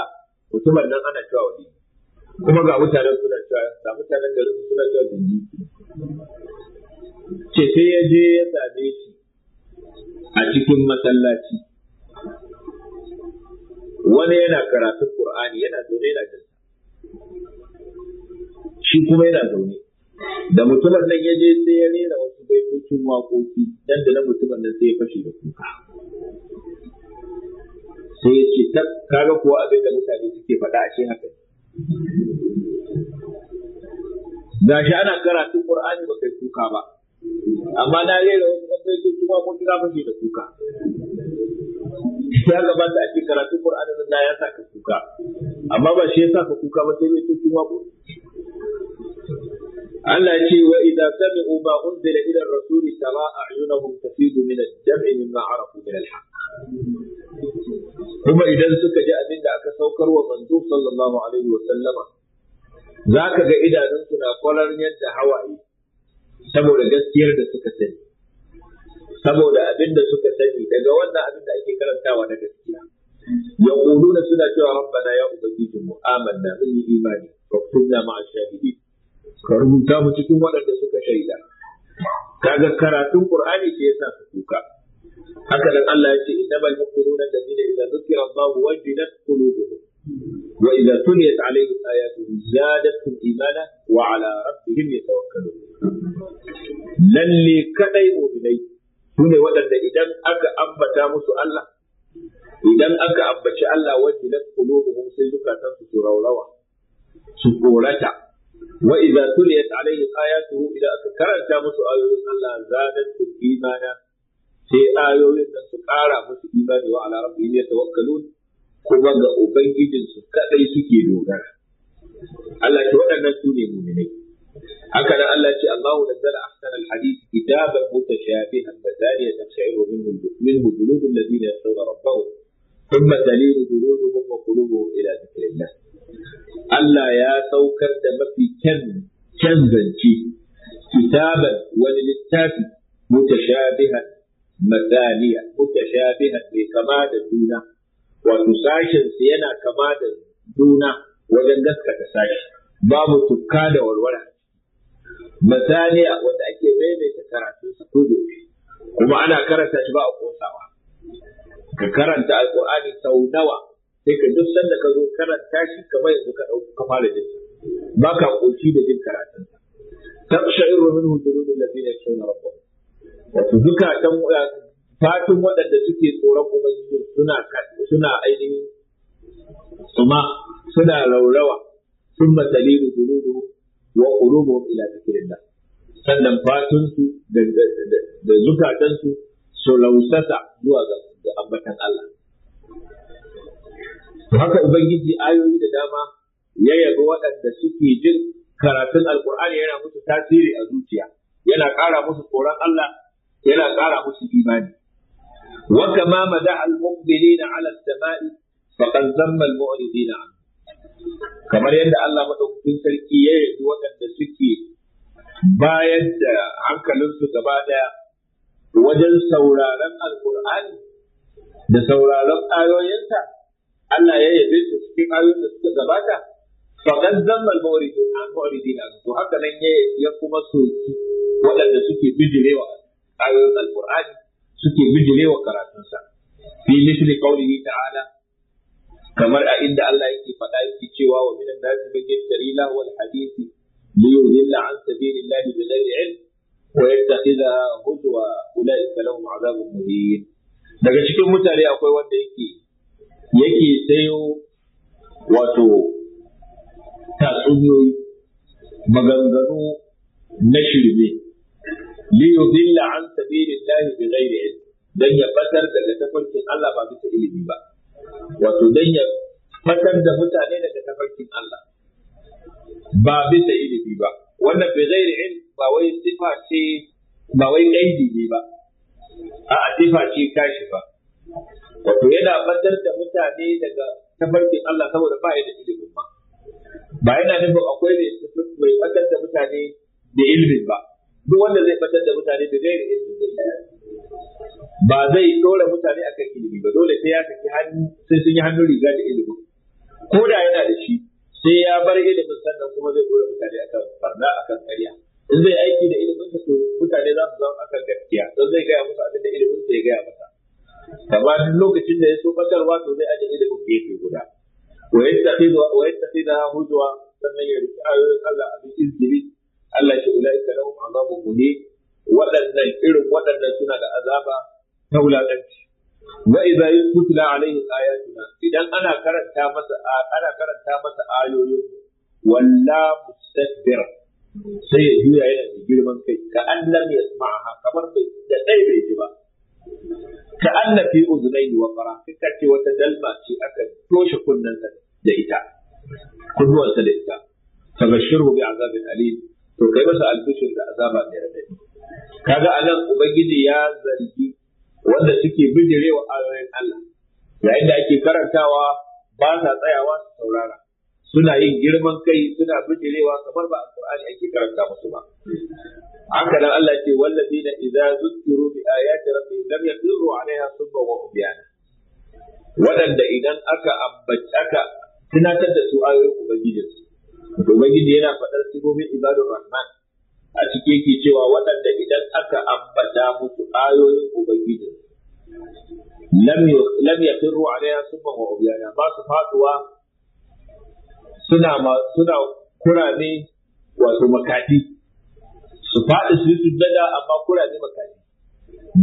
mutumar nan ana cewa wani kuma ga mutanen suna cewa ga mutanen garin suna cewa siddiqi ce sai ya je ya same shi a cikin masallaci wani yana karatun Qur'ani yana zaune yana jin shi kuma yana zaune da mutumin nan ya je sai ya rera wasu baitocin waƙoƙi dan da mutumin nan sai ya fashe da kuka sai ya ce kaga kuwa abin da mutane suke faɗa a cikin haka shi ana karatun Qur'ani ba kai kuka ba amma na rera wasu baitocin waƙoƙi na fashe da kuka ya gabata ake karatu karatun nan ya saka kuka amma ba shi ya saka kuka ba sai mai tutun waƙo Allah ce wa idza sami'u ma unzila ila ar-rasuli tara a'yunuhum tafidu min ad-dam'i mimma arafu min al-haqq kuma idan suka ji abin da aka saukar wa manzo sallallahu alaihi wa sallama zaka ga idanunsu na kwalar yadda hawaye saboda gaskiyar da suka sani saboda abin da suka sani daga wannan abin da ake karantawa na gaskiya yaquluna suna cewa rabbana ya ubangiji mu amanna mun yi imani wa kunna ma'a shahidin ka rubuta mu cikin waɗanda suka shaida kaga karatun qur'ani ke yasa su kuka haka nan Allah ya ce innamal mu'minuna alladhina idza dhukira Allahu wajilat qulubuhum wa idza tuliyat alaihim ayatuhu zadatuhum imana wa ala rabbihim yatawakkalun lalle kadai mu'minai su ne waɗanda idan aka ambata musu Allah idan aka ambaci Allah wajen da kulubuhum sai zukatan su su raurawa su korata wa idza tuliyat alaihi ayatuhu idan aka karanta musu ayoyin Allah su imana sai ayoyin nan su ƙara musu imani wa ala rabbihim yatawakkalun kuma ga ubangijin su kadai suke dogara Allah ce waɗannan su ne mu'minai haka nan Allah ce Allahu nazzala ahsana al-hadith kitaban mutashabihan mataniya tabsha'iru minhu minhu juludul ladina yasawna rabbahum thumma talinu juluduhum wa qulubuhum ila dhikrillah Allah ya saukar da mafi kyan kyan zance kitaban wani littafi mutashabihan mataniya mutashabihan mai kama da juna wato sashin yana kama da juna wajen gaskata sashi babu tukka da warwara masaniya wanda ake maimaita karatun su ko da kuma ana karanta shi ba a kosawa ka karanta alqur'ani sau nawa sai ka duk sanda ka zo karanta shi kamar yanzu ka dauko ka fara jin ba ka koci da jin karatun sa tabsha'iru minhu juludul ladina yashuna rabbahum wato zukatan eh, fatin waɗanda suke tsoron ubangiji suna suna ainihin suma suna raurawa sun masalilu juluduhum wa qulubuhum ila dhikrillah sannan fatunsu da zukatansu su lausata zuwa ga ambatan Allah haka ubangiji ayoyi da dama ya yabi waɗanda suke jin karatun Alƙur'ani yana musu tasiri a zuciya yana ƙara musu tsoron Allah yana ƙara musu imani wa kama mada al-muqbilina ala as-sama'i faqad zamma al-mu'ridina kamar yadda Allah madaukakin sarki ya yi waɗanda suke bayar da hankalinsu gaba daya wajen sauraron alkur'ani da sauraron ayoyinsa Allah ya yabe su cikin ayoyin da suka gabata faqad zamma al-muridin an a to haka nan ya kuma soki waɗanda suke bijirewa ayoyin alkur'ani suke bijirewa karatunsa fi misli qawlihi ta'ala kamar a inda Allah yake faɗa yake cewa wa minan nasi man yashtari lahu wal hadisi li yudilla an sabilillahi bighayri ilm wa yattakhidha hudwa ulaika lahum azabun muhin daga cikin mutane akwai wanda yake yake sayo wato tatsuniyoyi maganganu na shirme li yudilla an sabilillahi bighayri ilm dan ya batar daga tafarkin Allah ba bisa ilimi ba wato dan ya fatar da mutane daga tafarkin Allah ba bisa ilimi ba wannan bai zai ilm ba wai sifa ce ba wai kaidi ne ba a sifa ce tashi ba wato yana fatar da mutane daga tafarkin Allah saboda ba da ilimin ba ba yana nufin akwai mai fatar da mutane da ilimin ba duk wanda zai fatar da mutane da gairi ilimin ba zai dora mutane akan ilimi ba dole sai ya saki hannu sai sun yi hannun riga da ilimin ko da yana da shi sai ya bar ilimin sannan kuma zai dora mutane a akan barna kan karya. in zai aiki da ilimin sa to mutane za su zama a kan gaskiya don zai gaya musu abin da ilimin sa ya gaya masa amma duk lokacin da ya so batarwa to zai aje ilimin gefe guda wa yattakhidha wa yattakhidha hujwa sannan ya rufe ayoyin Allah abin izgiri Allah ya ulaika lahum azabun muhim waɗannan irin waɗannan suna da azaba ta wulaƙanci wa idza yutla alaihi ayatuna idan ana karanta masa A ana karanta masa ayoyin walla mustakbir sai ya juya yana da girman kai ka allam yasma'aha kamar bai da dai bai ji ba ka anna fi udhnayn wa fara. kika ce wata dalma ce aka toshe kunnen da ita kunnuwansa da ita fa bashirhu bi azabin alim to kai masa albishir da azaba mai radadi kaga anan ubangiji ya zargi wanda suke bijirewa ayoyin Allah yayin da ake karantawa ba sa tsayawa su saurara suna yin girman kai suna bijirewa kamar ba alqur'ani ake karanta musu ba haka nan Allah ce wallazina idza zukkiru bi ayati rabbi lam yakhiru alaiha subba wa ubyana waɗanda idan aka ambaci aka tunatar da su ayoyin ubangijinsu ubangiji yana faɗar sifofin ibadur rahman a ciki yake cewa waɗanda idan aka ambata musu ayoyin ubangiji lam yakirru alaiha summa wa ubiyana ba su faduwa suna suna kurame wato makati su faɗi su yi sujjada amma kurame makati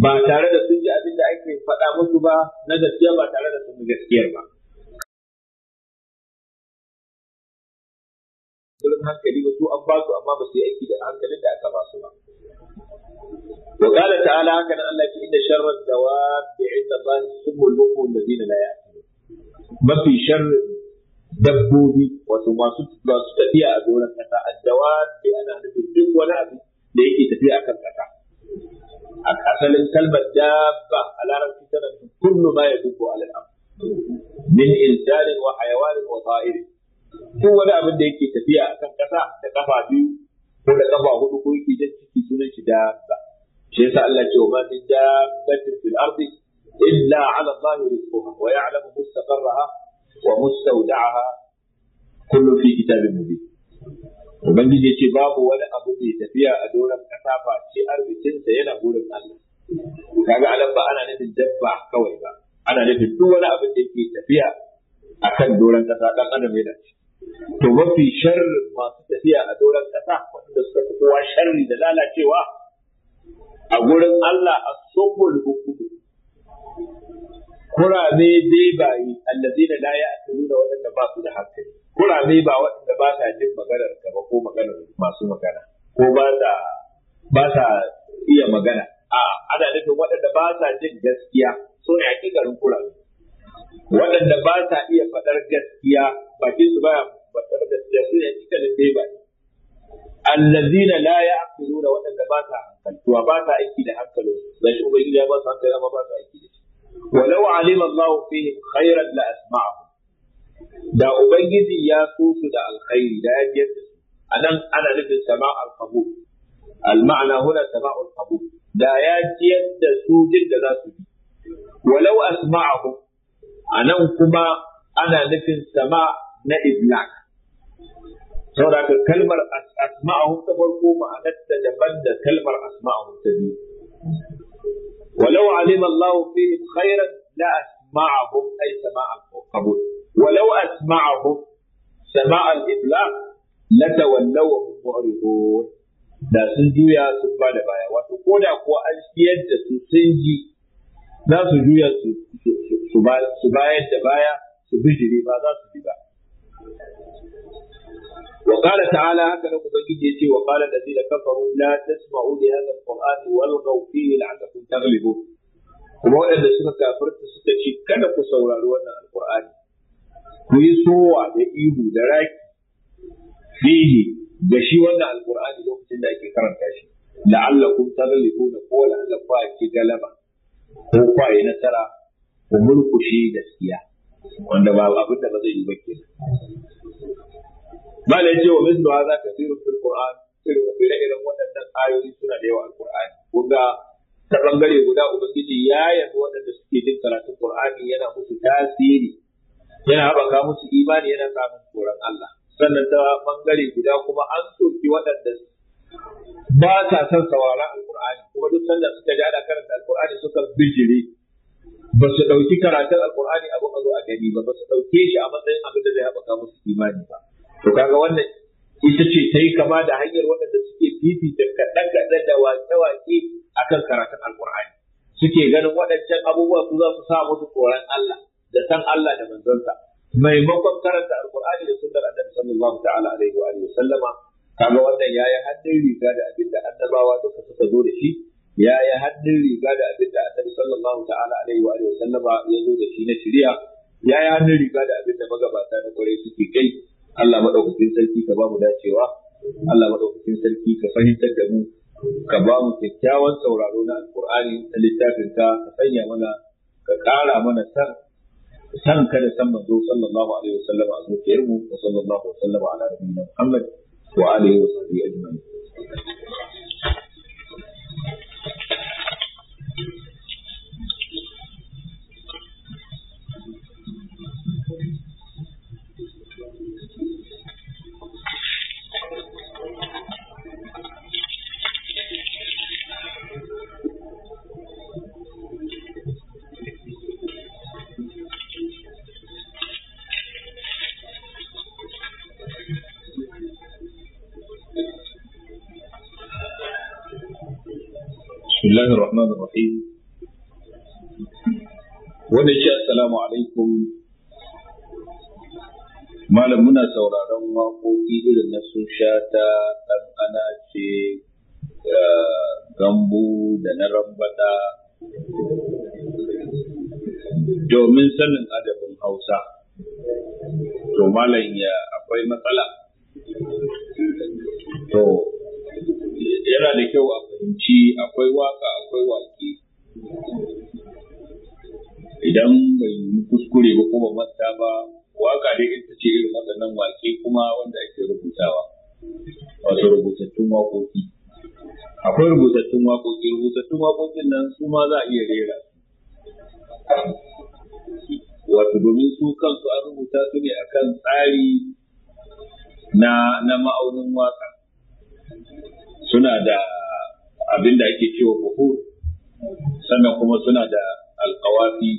ba tare da sun ji abin da ake faɗa musu ba na gaskiya ba tare da sun gaskiyar ba gurin hankali ba su an ba su amma ba su yi aiki da hankalin da aka ba su ba wa qala ta'ala haka nan Allah ya ce inna sharra dawabi inda Allah sumul bukum zina na ya'qilun mafi sharrin dabbobi wato masu masu tafiya a doron kasa addawabi ana nufin duk wani abu da yake tafiya akan kasa a asalin kalmar dabba a larabci tana kullu ma yadubu ala al-ard min insanin wa hayawanin wa ta'irin duk wani abin da yake tafiya a kan ƙasa da ƙafa biyu ko da ƙafa hudu ko yake jan ciki sunan shi dabba shi yasa Allah ce wa ma min dabbatin fil ardi illa ala Allah rizquha wa ya'lamu mustaqarraha wa mustawda'aha kullu fi kitabin mubin Ubangiji ya ce babu wani abu mai tafiya a doron ƙasa ba face arzikinsa yana gurin Allah. Kaga alam ba ana nufin dabba kawai ba, ana nufin duk wani abin da yake tafiya a kan doron ƙasa ɗan adam yana ci. to mafi sharrin masu tafiya a doron ƙasa wanda suka fi kowa sharri da lalacewa a gurin Allah a sobol hukumu kurame dai bayi a la ya'kuluna waɗanda ba su da hankali kurame ba waɗanda ba sa jin maganar ka ba ko maganar masu magana ko ba sa ba sa iya magana a ana nufin waɗanda ba sa jin gaskiya so ne garin kurame waɗanda ba sa iya faɗar gaskiya bakin su baya faɗar gaskiya su ne cikin beba allazina la ya'qiluna waɗanda ba sa hankaltuwa ba sa aiki da hankalin zai ubangiji ya ba su hankali amma ba sa aiki da shi walau alima Allah fihim khairan la asma'ahum da ubangiji ya so su da alkhairi da ya ji su anan ana nufin sama'al qabul al-ma'na huna sama'ul qabul da ya ji da su jin da za su bi walau asma'ahum a nan kuma ana nufin sama na iblak saboda kalmar asma'ahum ta farko ma'anarta daban da kalmar asma'ahum ta biyu walau alima Allah fihim khairan la asma'ahum ay sama'al qabul walau asma'ahum sama'al iblak latawallaw mu'ridun da sun juya sun ba baya wato ko da kuwa an siyar da sun ji su bayar da baya su bijire ba za su bi ba wa qala ta'ala haka na ubangiji ce wa qala allazina kafaru da tasma'u li hadha alqur'ani walghaw fihi la'allakum taghlibun kuma waɗanda suka kafirta suka ce kada ku saurari wannan alqur'ani ku yi sowa da ihu da raki fihi da shi wannan alqur'ani lokacin da ake karanta shi la'allakum taghlibun ko la'allakum ki galaba ko ku nasara ku murkushe gaskiya wanda ba abin da ba zai yi ba ke ba da yace wa mislu hadha kathirun fil qur'an ire irin waɗannan ayoyi suna da yawa alqur'ani qurani ga ta bangare guda ubangiji ya yanzu waɗanda suke jin karatun qur'ani yana musu tasiri yana haɓaka musu imani yana samun tsoron Allah sannan ta bangare guda kuma an soki waɗanda ba sa son sauraron alƙur'ani kuma duk sanda suka ji ana karanta alƙur'ani suka bijire ba su ɗauki karatun alkur'ani abu a zo a gani ba ba su ɗauke shi a matsayin abin da zai haɓaka musu imani ba to kaga wannan ita ce ta yi kama da hanyar waɗanda suke fifita kaɗan kaɗan da waƙe-waƙe kan karatun alkur'ani suke ganin waɗancan abubuwa su za su sa musu koran Allah da san Allah da manzonsa maimakon karanta alkur'ani da sunnar annabi sallallahu ta'ala alaihi wa sallama kaga wannan yayi hannun riga da abin da annabawa duka suka zo da shi ya yi hannun riga da abin da annabi sallallahu ta'ala alaihi wa sallama ya zo da shi na shirya ya yi hannun riga da abin da magabata na kwarai suke kai Allah madaukakin sarki ka ba mu dacewa Allah madaukakin sarki ka fahimtar da mu ka ba mu kyakkyawan sauraro na alkur'ani na littafin ka ka sanya mana ka ƙara mana san san ka da san manzo sallallahu alaihi wa sallama a zuciyar mu wa alaihi wa sallama ala nabiyina Muhammad wa alihi wa sahbihi ajma'in الله الرحمن الرحيم wanda ce assalamu malam muna sauraron waƙoƙi irin na sun shata ɗan ana ce gambo da na rambaɗa domin sanin adabin hausa to malam ya akwai matsala yana da kyau a fahimci akwai waka akwai waki idan bai kuskure ba ko ba manta ba waka dai ita ce irin waɗannan wake kuma wanda ake rubutawa wato rubutattun waƙoƙi akwai rubutattun waƙoƙi rubutattun waƙoƙin nan su ma za a iya rera wato domin su kansu an rubuta su ne akan tsari na na ma'aunin waka suna da abin da ake cewa buhur sannan kuma suna da alkawafi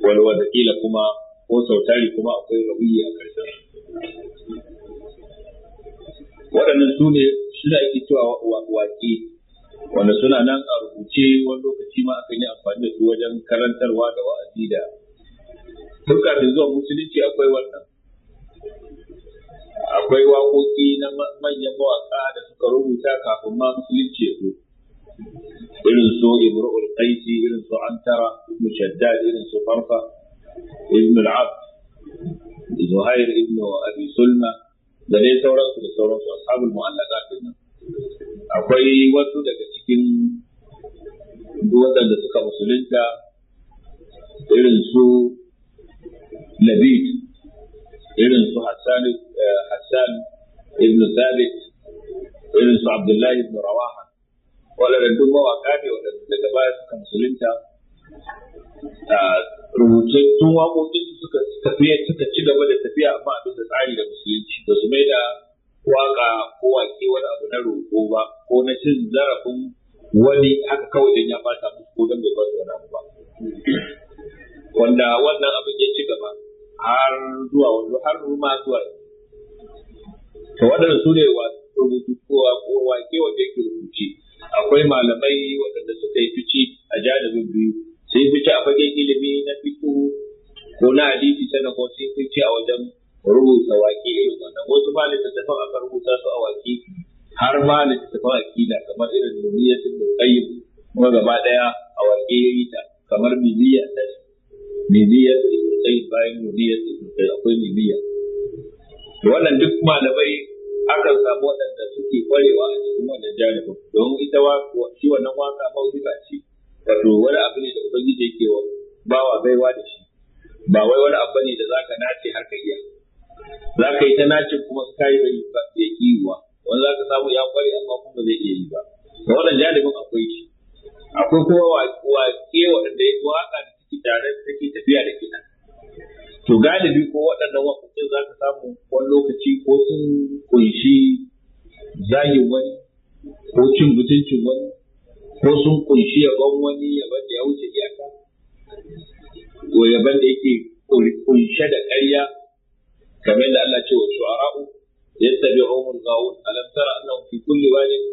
walwada kila kuma ko sautari kuma akwai rawiyi a ƙarshen waɗannan su ne suna ake cewa waƙi wanda suna nan a rubuce wani lokaci ma aka yi amfani da su wajen karantarwa da wa'azi da tun da zuwa musulunci akwai wannan akwai waƙoƙi na manyan mawaƙa da suka rubuta kafin ma musulunci ya zo irin su Ibrahim qaisi irin su antara ibn shaddad irin su farfa ibn al-abd zuhair ibn abi sulma da dai sauransu da sauransu ashabul mu'allaqat din akwai wasu daga cikin waɗanda suka musulunta irin su labid irin su eh, Hassan ibn Thabit irin su Abdullahi ibn Rawaha waɗanda duk mawaƙa ne waɗanda daga baya suka musulunta rubutattun waƙoƙin suka tafiya suka ci gaba da tafiya amma a bisa tsari da musulunci ba su mai da waƙa ko waƙe wani abu na roƙo ba ko na cin zarafin wani haka kawai don ya bata musu ko don bai ba su wani abu ba wanda wannan abin ya ci gaba har zuwa wanzu har ma zuwa Ta waɗanda su ne rubutu ko wake wanda yake rubuci akwai malamai waɗanda suka yi fici a janibin biyu sai fici a fagen ilimi na fito ko na hadisi sannan ko sai fici a wajen rubuta wake irin wannan wasu ba littattafan aka rubuta su a wake har ma littattafan akida kamar irin nuriyatul qayyim kuma gaba ɗaya a wake yayi ta kamar biziya ɗaya. mimiya da ibn qayyim bayan mimiya da ibn qayyim akwai mimiya to wannan duk malamai akan samu waɗanda suke kwarewa a cikin wannan janibin don ita wa shi wannan waka mawhiba ce wato wani abu ne da ubangiji yake wa bawa baiwa da shi ba wai wani abu ne da zaka nace har ka iya zaka yi ta nace kuma in kai bai ba ya kiwa wani zaka samu ya kware amma kuma zai iya yi ba wannan janibin akwai shi akwai kuma wa waƙe waɗanda ya waka da tare take tafiya da kiɗa to galibi ko waɗannan waƙoƙin za ka samu wani lokaci ko sun kunshi zagin wani ko cin mutuncin wani ko sun kunshi yaban wani yaban da ya wuce iyaka ko yaban da yake kunshe da ƙarya kamar da Allah ce wa shu'ara'u yattabi'uhum al-ghawun alam tara annahu fi kulli wadin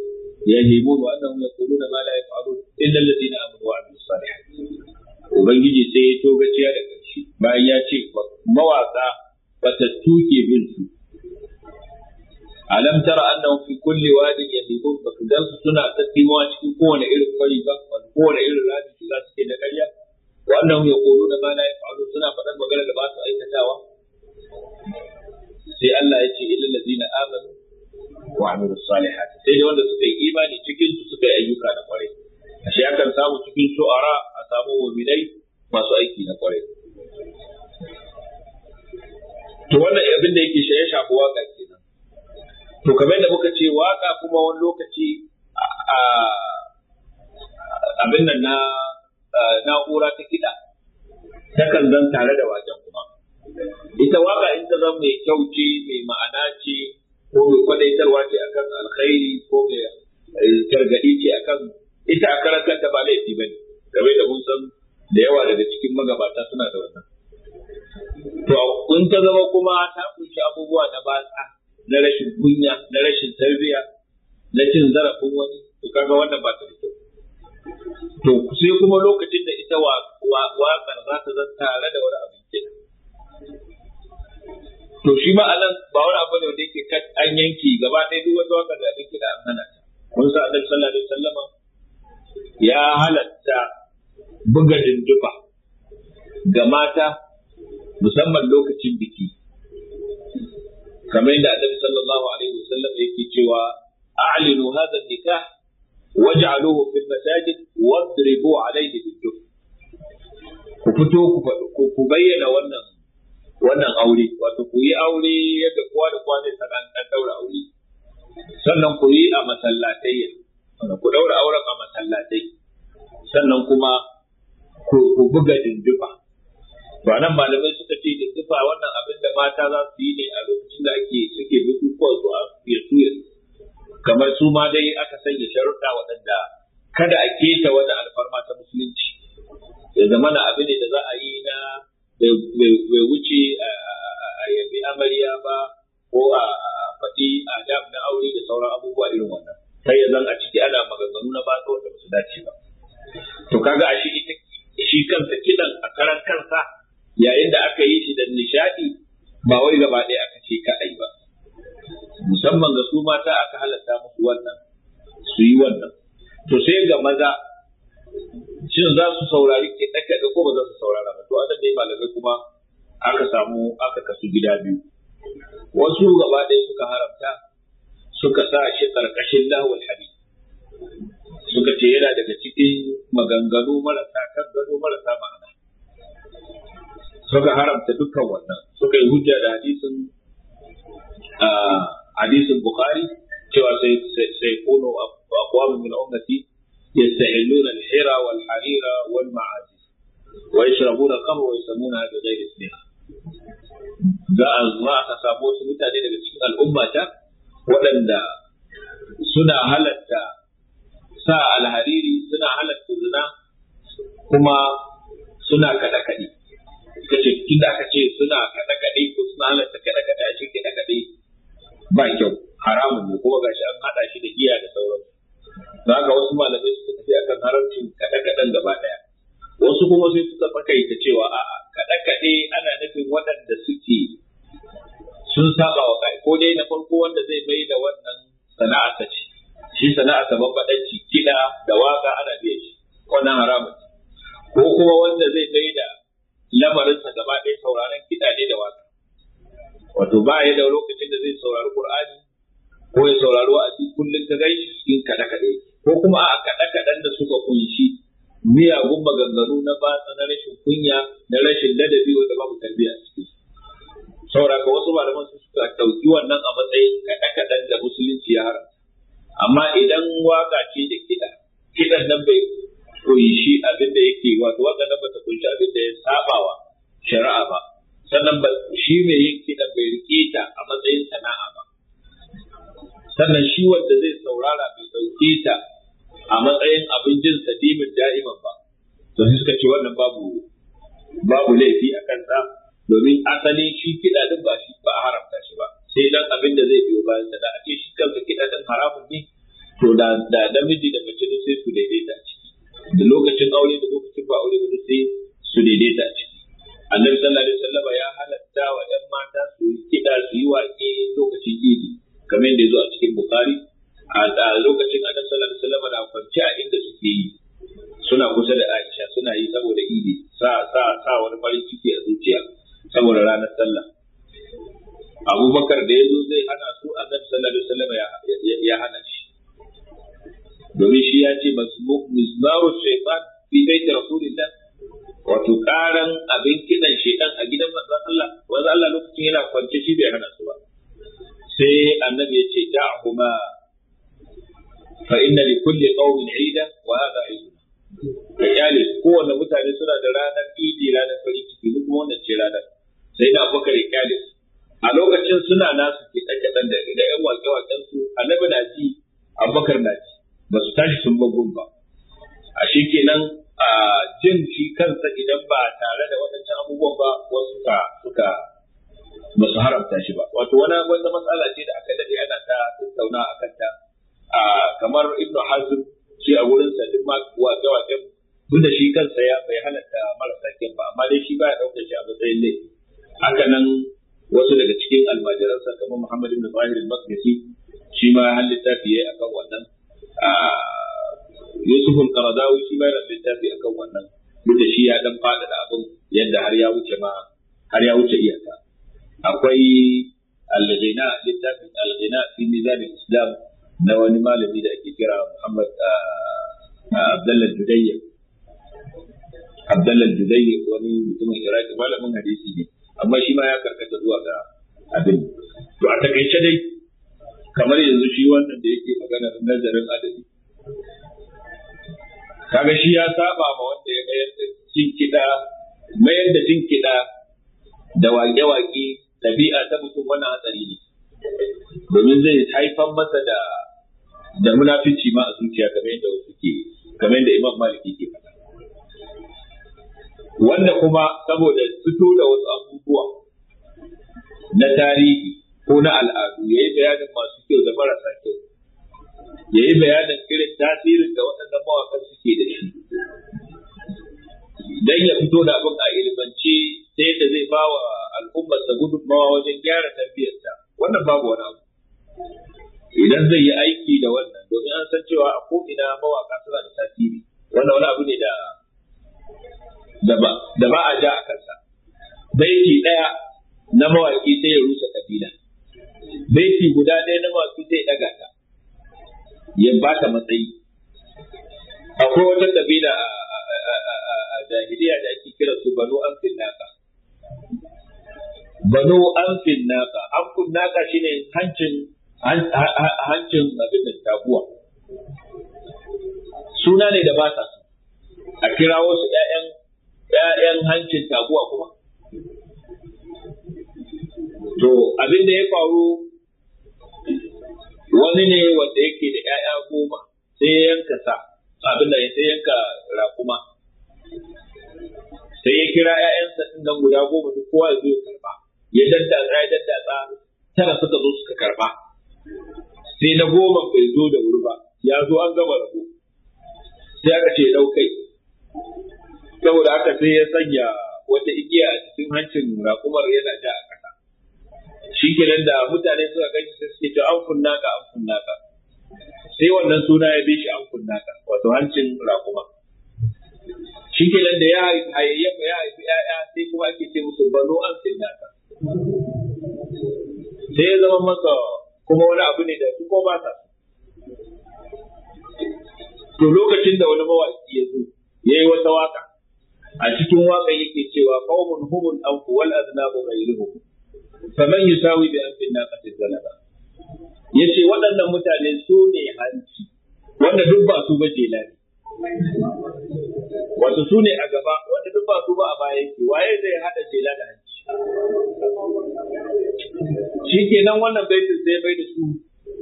يهيمون وانهم يقولون ما لا يفعلون الا الذين امنوا وعملوا الصالحات ubangiji sai ya to gaciya da ƙarshe bayan ya ce mawaƙa batattu ke bin su alam tara annahum fi kulli wadin yadibun ba dan su suna tattimowa cikin kowane irin kwari ba kowane irin rami su za su ke da ƙarya ya koro da ma ya faru suna faɗan magana da ba su aikatawa sai Allah ya ce da zina amanu wa amilus salihat sai da wanda suka yi imani cikin su suka yi ayyuka da kwarai ashe akan samu cikin shu'ara samu masu aiki na kwarai to wannan abin da yake shaye shafi waka kenan to kamar da muka ce waka kuma wani lokaci a abin nan na na'ura ta kiɗa takan zan tare da waken kuma ita waka in ta zama mai kyau ce mai ma'ana ce ko mai kwadaitarwa ce akan alkhairi ko mai eh, gargaɗi ce akan ita a karan kanta ba laifi ba ne game da mun san da yawa daga cikin magabata suna da wannan to in ta zama kuma ta kunshi abubuwa na batsa na rashin kunya na rashin tarbiyya na cin zarafin wani to kaga wannan ba ta da kyau to sai kuma lokacin da ita waƙar za ta zan tare da wani abin ke to shi ma anan ba wani abu ne wanda yake an yanki gaba ɗaya duk wata waƙar da abin da an hana ta kun sa annabi sallallahu alaihi wasallama ya halatta buga dinduba ga mata musamman lokacin biki kamar yadda annabi sallallahu alaihi wasallam yake cewa a'linu hadha nikah waj'aluhu fi masajid wadribu alayhi bid-duf ku fito ku bayyana wannan wannan aure wato ku yi aure yadda kowa da kowa zai sanan dan daura aure sannan ku yi a masallatai ku daura auren a masallatai sannan kuma ku buga dindufa to anan malamai suka ce dindufa wannan abin da mata za su yi ne a lokacin da ake suke ko su a yasu ya kamar su ma dai aka sanya sharuɗa waɗanda kada a keta wani alfarma ta musulunci ya zama na abin da za a yi na bai wuce a yabi amarya ba ko a faɗi dab na aure da sauran abubuwa irin wannan sai ya zan a ciki ana maganganu na ba wanda ba su dace ba to kaga a shi ita shi kansa kidan a karan kansa yayin da aka yi shi da nishadi ba wai gaba ɗaya aka ce ka ai ba musamman ga su mata aka halatta musu wannan su yi wannan to sai ga maza shin za su saurari ke kaɗa ko ba za su saurara ba to anan ne malamai kuma aka samu aka kasu gida biyu wasu gaba ɗaya suka haramta suka sa shi ƙarƙashin lahul hadith suka ce yana daga cikin maganganu marasa kan gano marasa ma'ana suka haramta dukkan wannan suka yi hujja da hadisin hadisin bukhari cewa sai sai kuno aqwam min ummati yastahilluna al-hira wal harira wal maazi wa yashrabuna al-khamra wa yasamuna bi ghairi ismiha za a zuwa aka samu su mutane daga cikin al'ummata waɗanda suna halatta sa alhariri suna halatta zina kuma suna kaɗe kaɗe suka ce tun da aka suna kaɗe kaɗe ko suna halatta kaɗe kaɗe a cikin kaɗe kaɗe ba kyau haramun ne kuma gashi an haɗa shi da giya da sauran za ka wasu malamai suka tafi akan haramcin kaɗe kaɗen gaba ɗaya wasu kuma sai suka ta cewa a kaɗe kaɗe ana nufin waɗanda suke sun saba wa kai ko dai na farko wanda zai mai da wannan sana'a ta ce shi sana'a ta babbadanci kiɗa da waka ana biya shi wannan haramun ko kuma wanda zai kai da lamarinsa gaba ɗaya sauraron kiɗa ne da waka wato ba ya da lokacin da zai saurari qur'ani ko ya saurari wa'azi kullum ka gai shi cikin kaɗe-kaɗe ko kuma a kaɗe-kaɗen da suka kunshi miyagun maganganu na batsa na rashin kunya na rashin ladabi wanda babu tarbiyya a ciki ka wasu malaman su suka ɗauki wannan a matsayin kaɗe-kaɗen da musulunci ya haramta amma idan waka ce da kiɗa kiɗan nan bai kunshi abin da yake wato waka nan ba ta kunshi abin da ya sabawa shari'a ba sannan ba shi mai yin kiɗan bai riƙe ta a matsayin sana'a ba sannan shi wanda zai saurara bai ɗauke ta a matsayin abin jin sadimin da'iman ba to sai suka ce wannan babu babu laifi a kansa domin asali shi kiɗa din ba shi ba a haramta shi ba sai dan abin da zai biyo bayan sa da ake shi kanka kiɗa ɗin haramun ne to da da namiji da mace ne sai su daidaita a ciki da lokacin aure da lokacin ba aure ne sai su daidaita a ciki annabi sallallahu alaihi wasallam ya halatta wa ɗan mata su yi kiɗa su yi waƙe lokacin idi kamar yadda ya zo a cikin bukari a lokacin annabi sallallahu alaihi wasallam na kwance a inda suke yi suna kusa da Aisha suna yi saboda idi sa sa sa wani farin ciki a zuciya saboda ranar sallah abubakar da ya zo zai hana su annabi sallallahu alaihi wasallam ya hana shi domin shi ya ce mizmaru shaitan fi baiti rasulillah wato karan abin kidan shaitan a gidan manzon Allah wanda Allah lokacin yana kwance shi bai hana su ba sai annabi ya ce kuma fa inna li kulli qawmin 'ida wa hadha 'id da iyali kowanne mutane suna da ranar idi ranar farin ciki kuma wannan ce ranar sai da abubakar ya kyale su a lokacin suna nasu kiɗe-kiɗen da da ƴan waƙe-waƙen su annabi na ji abubakar na ji ba su tashi sun bugun ba a shi kenan a jin shi kansa idan ba tare da waɗancan abubuwan ba wasu ka suka ba su haramta shi ba wato wani wata matsala ce da aka daɗe ana ta tattauna a kanta a kamar ibnu hazm shi a wurin sa duk ma waƙe-waƙen duk da shi kansa ya bai halatta marasa kyan ba amma dai shi ba ya ɗaukar shi a matsayin ne haka nan wasu daga cikin almajiransa kamar Muhammad ibn Zahir al-Maqdisi shi ma har littafi yayi akan wannan Yusuf al-Qaradawi shi ma yana littafi akan wannan duk shi ya dan fada da abin yadda har ya wuce ma har ya wuce iyaka akwai al-ghina littafin al-ghina fi mizan al-islam na wani malami da ake kira Muhammad Abdullah Judayya Abdullah Judayya wani mutumin Iraki malamin hadisi ne amma shi ma ya karkata zuwa ga abin to a takaice dai kamar yanzu shi wannan da yake magana nazarin adadi kaga shi ya saba ma wanda ya mayar da kiɗa mayar da kiɗa da waƙe-waƙe ɗabi'a ta mutum wani hatsari ne domin zai haifar masa da da munafici ma a zuciya kamar yadda wasu ke kamar yadda Imam Maliki ke faɗa wanda kuma saboda fito da wasu abubuwa na tarihi ko na al'adu ya yi bayanin masu kyau da marasa kyau ya yi bayanin irin tasirin da waɗannan mawaƙan suke da shi dan ya fito da abin a ilimance sai da zai ba wa al'ummarsa gudunmawa wajen gyara tafiyarta wannan babu wani abu idan zai yi aiki da wannan domin an san cewa a ko'ina mawaka suna da tasiri wannan wani abu ne da da ba a ja a kansa baiti ɗaya na mawaƙi sai ya rusa kabila baiti guda ɗaya na mawaƙi sai ya ɗaga ta ya ba ta matsayi akwai wata kabila a jahiliya da ake kira su banu amfin naka banu amfin naka an amfin naka shine hancin hancin abin da taguwa suna ne da ba ta a kirawo su 'ya'yan ‘ya'yan hancin taguwa kuma. To, abin da ya faru wani ne wanda yake da ‘ya'ya goma sai ya yanka sa, abin da sai yanka rakuma. Sai ya kira ‘ya'yansa nan guda goma duk kowa ya zo ya karɓa. Ya daddatsa ya ta tara suka zo suka karɓa. Sai na goma bai zo da wuri ba, ya zo an gama rabo. Sai aka ce ɗaukai. saboda haka sai ya sanya wata igiya a cikin hancin raƙumar yana ja a ƙasa shi kenan da mutane suka gaji sai suke ta an kunna ka an kunna ka sai wannan suna ya bi shi an kunna ka wato hancin raƙuma shi kenan da ya hayayyafa ya haifi ya'ya sai kuma ake ce musu bano an kunna ka sai ya zama masa kuma wani abu ne da su ko ba to lokacin da wani mawaƙi ya zo ya yi wata waka a cikin waka yake cewa qaumun humul anfu wal aznabu ghayruhum faman yusawi bi anfin naqati zalaba yace waɗannan mutane su ne hanci wanda duk ba su ba jelani wato su ne a gaba wanda duk ba su ba a baya ke, waye zai hada jela da hanci shi nan wannan baitin sai bai da su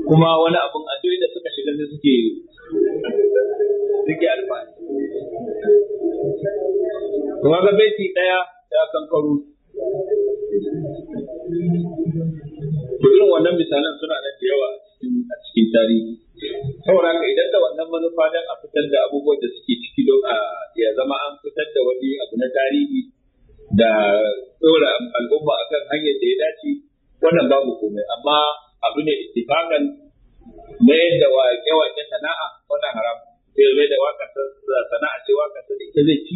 kuma wani abin a da suka shiga sai suke suke alfahari Kuma ga baiti ɗaya ya kankaro. To wannan misalan suna nan da yawa a cikin tarihi. Saboda haka idan da wannan manufa don a fitar da abubuwan da suke ciki don a ya zama an fitar da wani abu na tarihi da ɗora al'umma akan hanyar da ya dace wannan babu komai amma abu ne ittifakan na yadda ke-wa ke sana'a wannan haramun. sai mai da waka ta sana'a ce waka ta da ita zai ci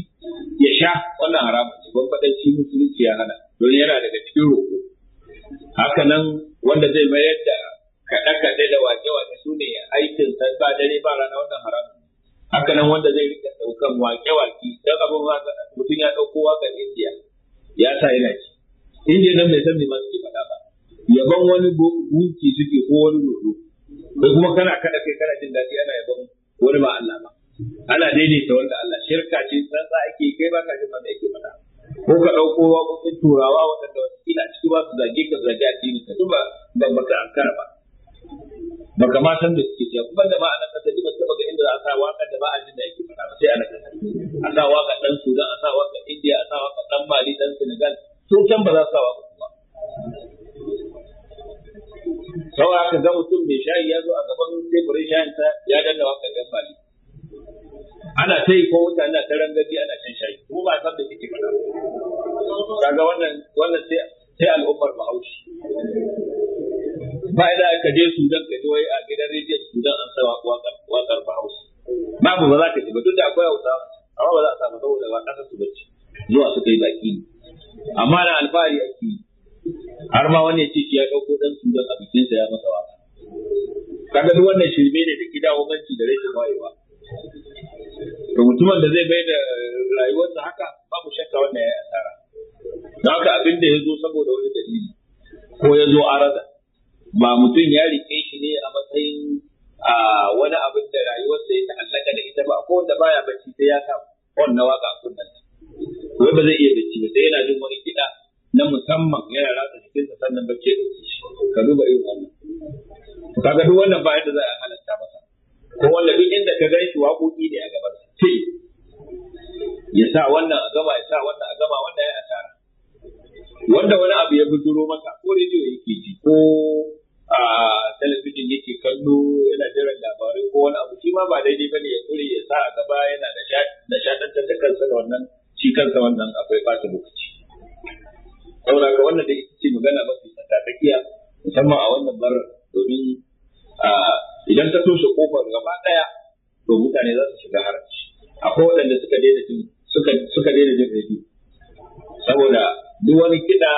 ya sha wannan haramun ce, ban faɗin shi musulunci ya hana don yana daga cikin roƙo haka nan wanda zai mayar da kaɗe-kaɗe da wake-wake su ne aikin sa ba dare ba rana wannan haramun haka nan wanda zai rika ɗaukan wake-wake don abin mutum ya ɗauko wakan indiya ya sa yana ci indiya nan bai san me ma suke faɗa ba yaban wani gunki suke ko wani dodo kai kuma kana kaɗa kai kana jin daɗi ana mu? wani ba Allah ba ana daidaita wanda Allah shirka ce za ake kai ba ka jin ba me yake mata. ko ka ɗauko waƙoƙin turawa waɗanda watakila a ciki ba su zage ka zage a cikin ka duba ban baka ankara ba baka ma san da suke cewa kuma da ma anan kasa ba taba ga inda za a sa waka da ba a jin da yake mata ba sai anan kasa a sa waka dan Sudan a sa waka India a sa waka dan Mali dan Senegal sun can ba za su sa waka sau aka ga mutum mai shayi ya zo a gaban teburin shayin sa ya danna wakan yan bali ana ta yi ko mutane na ta rangaji ana can shayi kuma ba san da kike faɗa kaga wannan wannan sai sai al'ummar bahaushe ba da aka je sudan ka ji wai a gidan rediyon sudan an sa wakar wakar bahaushe babu ba za ka ji ba duk da akwai hausa amma ba za a samu saboda ba ƙasar su bace zuwa suka yi baki amma na alfahari ake yi har ma wani ya ce ya ɗauko ɗan sudan a bikinsa ya masa waka kaga duk wannan shirme ne da gida wakanci da rashin wayewa to mutumin da zai bai da rayuwarsa haka babu shakka wannan ya yi asara don haka abin da ya zo saboda wani dalili ko ya zo arada ba mutum ya riƙe shi ne a matsayin a wani abin da rayuwarsa ya ta'allaka da ita ba ko wanda baya bacci sai ya samu. wannan waka a wai ba zai iya bacci ba sai yana jin wani kiɗa na musamman yana ratsa sa sannan bacci da ɗauke shi ka duba irin wannan ka kaga duk wannan ba yadda za a halatta masa ko wanda duk inda ka gan shi waƙoƙi ne a gaban sai ya sa wannan a gaba ya sa wannan a gaba wanda ya asara wanda wani abu ya bujuro maka ko rediyo yake ji ko a talabijin yake kallo yana jiran labarai ko wani abu shi ma ba daidai ba ne ya kure ya sa a gaba yana da shaɗantar da kansa da wannan shi kansa wannan akwai ɓata lokaci saboda ka wannan da ita ce magana mafi tsakiya musamman a wannan bar domin idan ta toshe kofar gaba daya to mutane za su shiga haraci akwai waɗanda suka daina jin suka suka daina jin rediyo saboda duk wani kiɗa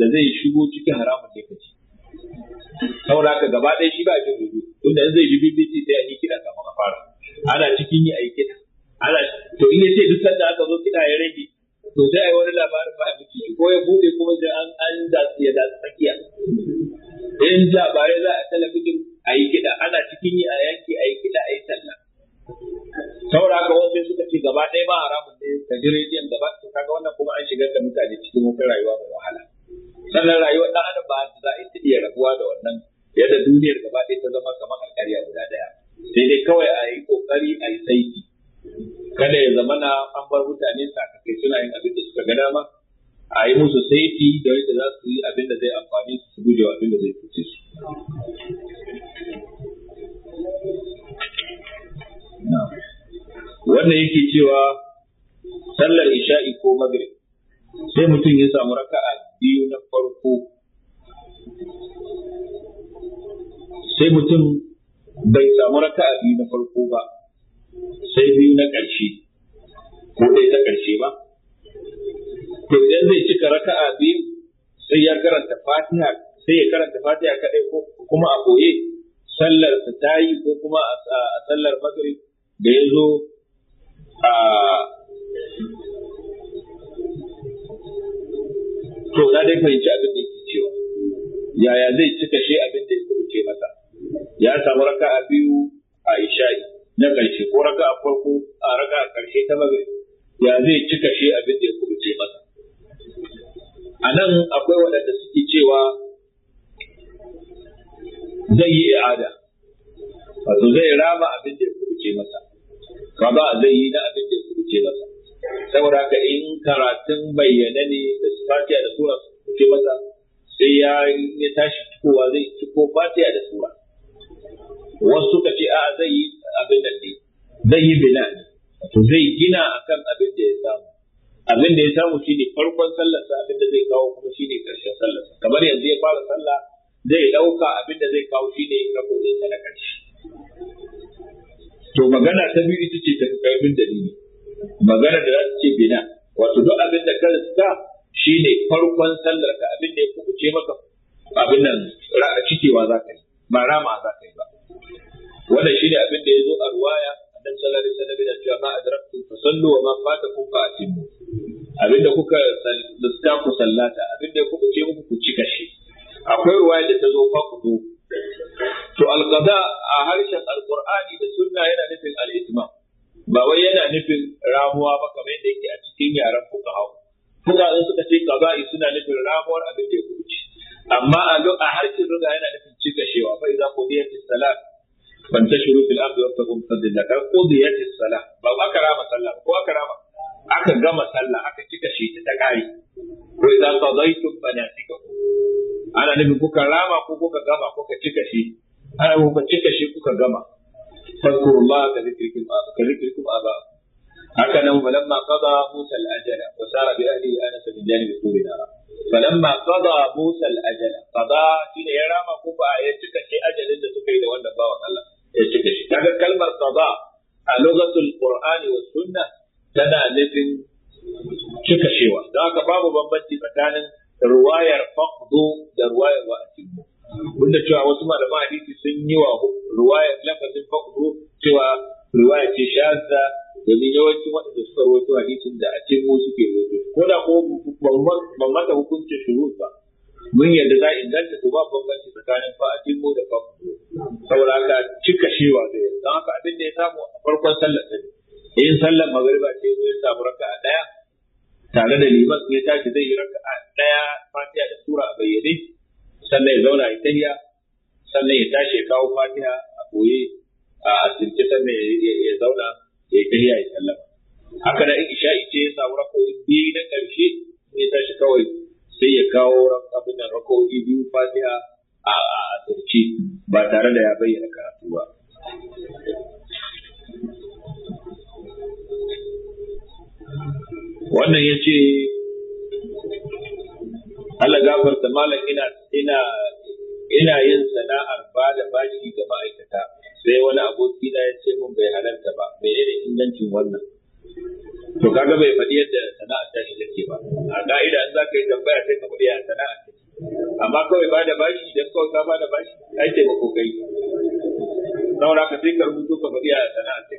da zai shigo cikin haramun da kace saboda ka gaba ɗaya shi ba jin rediyo tunda in zai ji BBC sai a yi kiɗa kafin a fara ana cikin yi a yi kiɗa ana to in ya ce duk sanda aka zo kiɗa ya rage to sai ai wani labarin ba a biki ko ya bude kuma da an an da ya da tsakiya in da ya za a talabijin a yi kiɗa ana cikin yi a yanki a yi kiɗa a yi talla saboda haka wasu suka ce gaba ɗaya ba haramun ne ka ji rediyon gaba to kaga wannan kuma an shigar da mutane cikin wata rayuwa mai wahala sannan rayuwar ɗan adam ba za a iya rabuwa da wannan yadda duniyar gaba ɗaya ta zama kamar alƙarya guda ɗaya sai dai kawai a yi ƙoƙari a yi saiti kada ya zama na an bar mutane sakakai suna yin abin da suka ga dama a yi musu saiti da yadda za su yi abin da zai amfani su guje wa abin da zai fice su wannan yake cewa sallar isha'i ko magrib sai mutum ya samu raka'a biyu na farko sai mutum bai samu raka'a biyu na farko ba sai biyu na ƙarshe ko ɗaya ta ƙarshe ba to idan zai cika raka'a biyu sai ya karanta fatiha sai ya karanta fatiha kaɗai ko kuma a koye sallar ta yi, ko kuma a sallar maghrib da ya zo a to na dai fahimci abin da yake cewa yaya zai cika shi abin da ya ke masa ya samu raka'a biyu a isha'i na ƙarshe ko raka a farko a raka a ƙarshe ta magrib ya zai cika shi abin da ya kubuce masa a nan akwai waɗanda suke cewa zai yi i'ada wato zai rama abin da ya kubuce masa ba zai yi na abin da ya kubuce masa saboda haka in karatun bayyana ne da Fatiya da sura su kubuce masa sai ya ya tashi cikowa zai ciko Fatiya da sura wasu suka ce a zai yi abin da ne zai yi bina ne to zai gina akan abin da ya samu abin da ya samu shine farkon sallar sa abin da zai kawo kuma shine karshen sallar sa kamar yanzu ya fara sallah zai dauka abin da zai kawo shine rakobin sa na karshe to magana ta biyu ita ce ta karfin dalili magana da za ta ce bina wato duk abin da ka shi shine farkon sallar ka abin da ya kubuce maka abin nan cikewa za ka yi ba rama za ka yi ba wannan shine abin da ya zo a ruwaya annabi sallallahu alaihi wasallam yana cewa ma adraktum fasallu wa ma fatakum fa atimmu abinda kuka lissa ku sallata abinda kuka ce muku ku cika shi akwai ruwaya da ta zo fa ku zo to alqada a harshen alqur'ani da sunna yana nufin al-itmam ba wai yana nufin ramuwa ba kamar yadda yake a cikin yaren fuqaha fuqaha in suka ce qada'i suna nufin ramuwar abin da ya kubuce amma a harshen ruga yana nufin cika shewa fa idza qudiyat as-salat fantashiru fil ardi wabtaghu min fadlillah ka qudiyat as-salah ba aka rama sallah ko aka rama aka gama sallah aka cika shi ta ta kare ko idza qadaytum manasikakum ana nufin kuka rama ko kuka gama kuka cika shi ana kuka cika shi kuka gama fadkurullaha ka zikrikum ka zikrikum aba haka nan falamma qada musa al-ajala wa sara bi ahlihi anasa min janibi turi nara falamma qada musa al-ajala qada shine ya rama ko ba ya da suka yi da wannan ya shiga shi kaga kalmar qada a lugatul qur'ani was sunnah tana nufin cika shewa don haka babu bambanci tsakanin ruwayar faqdu da ruwayar wa wanda cewa wasu malaman hadisi sun yi wa ruwayar lafazin faqdu cewa ruwaya ce shazza domin yawancin waɗanda suka rawaito hadisin da a atimmu suke rawaito ko da ko ban mata hukuncin shuru ba mun yadda za a inganta su ba bambanci tsakanin fa da faqdu saboda haka cika wa zai don haka abin da ya samu a farkon sallar din in sallar magariba ce zai samu a daya tare da liman ya tashi zai yi a daya fatiha da tura a bayyane sannan ya zauna ya tahiya sannan ya tashi ya kawo fatiha a koye a asirce sannan ya zauna ya yi tahiya ya sallama haka da in isha'i ce ya samu raka'a biyu na karshe ya tashi kawai sai ya kawo abin da raka'a biyu fatiha a asirce ba tare da ya bayyana karatu ba wannan ya ce Allah gafarta malam ina ina ina yin sana'ar ba da bashi ga ma'aikata sai wani aboki na ya ce mun bai halarta ba menene ingancin wannan to kaga bai faɗi yadda sana'ar ta shi take ba a ka'ida in za ka yi tambaya sai ka faɗi a sana'ar amma kawai ba da bashi da kawai ka ba da bashi ai taimako kai don haka sai ka rubuto ka bari a sana'ar ta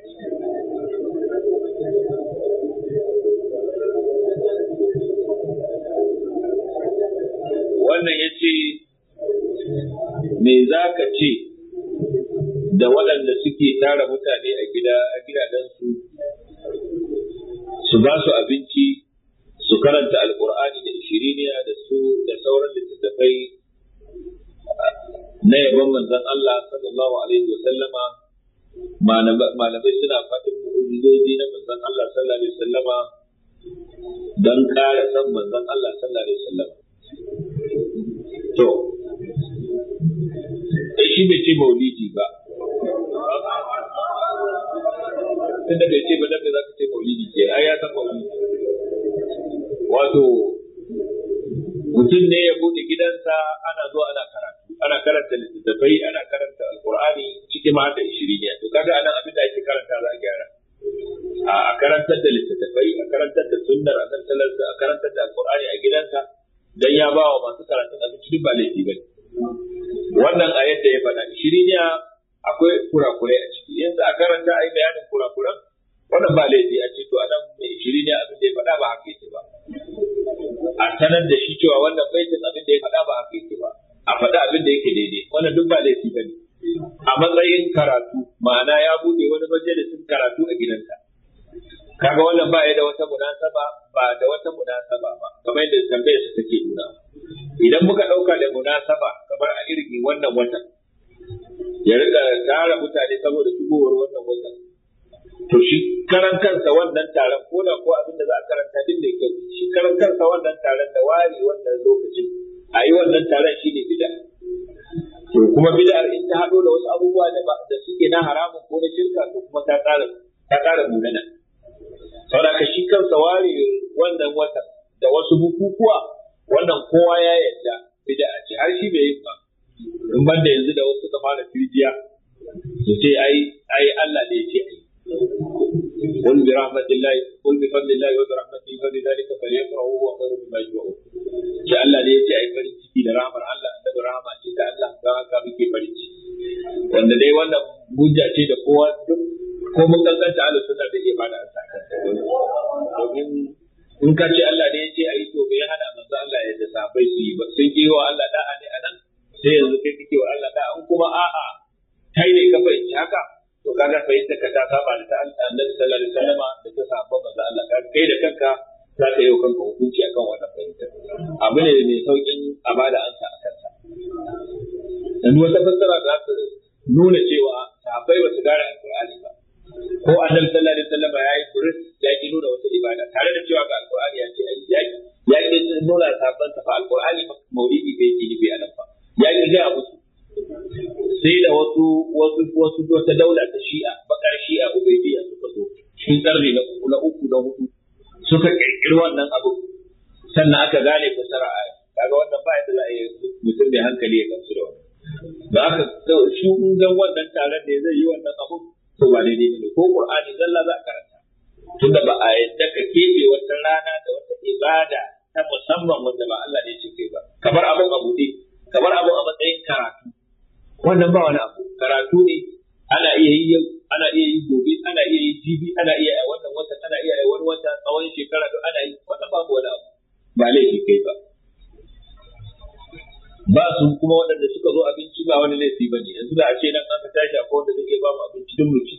wannan ya ce me za ka ce da waɗanda suke tara mutane a gida a gidajensu su ba su abinci su karanta alkur'ani da ishiriniya da su da sauran littattafai na yabon manzon Allah sallallahu alaihi wa sallama malamai suna faɗin mu'ujizoji na manzon Allah sallallahu alaihi wa sallama don ƙara san manzon Allah sallallahu alaihi wa sallama to shi bai ce maulidi ba tunda bai ce ba dan da ka ce maulidi ke ai ya san maulidi wato mutum ne ya bude gidansa ana zuwa ana karatu ana karanta littattafai ana karanta alqur'ani ciki ma da ishiriniya to kaga anan abin da ake karanta za a gyara a karantar da littattafai a karantar da sunnar a da a karantar da alqur'ani a gidansa dan ya bawa masu karatun abinci duk ba laifi bane wannan a yadda ya faɗa ishiriniya wannan ba wani abu karatu ne ana iya yi yau ana iya yi gobe ana iya yi jibi ana iya yi wannan wata ana iya yi wani wata tsawon shekara to ana yi wannan ba wani abu ba laifi kai ba ba su kuma waɗanda suka zo abinci ba wani laifi ba ne yanzu da a ce nan an ka tashi a kowanda zai iya ba mu abinci duk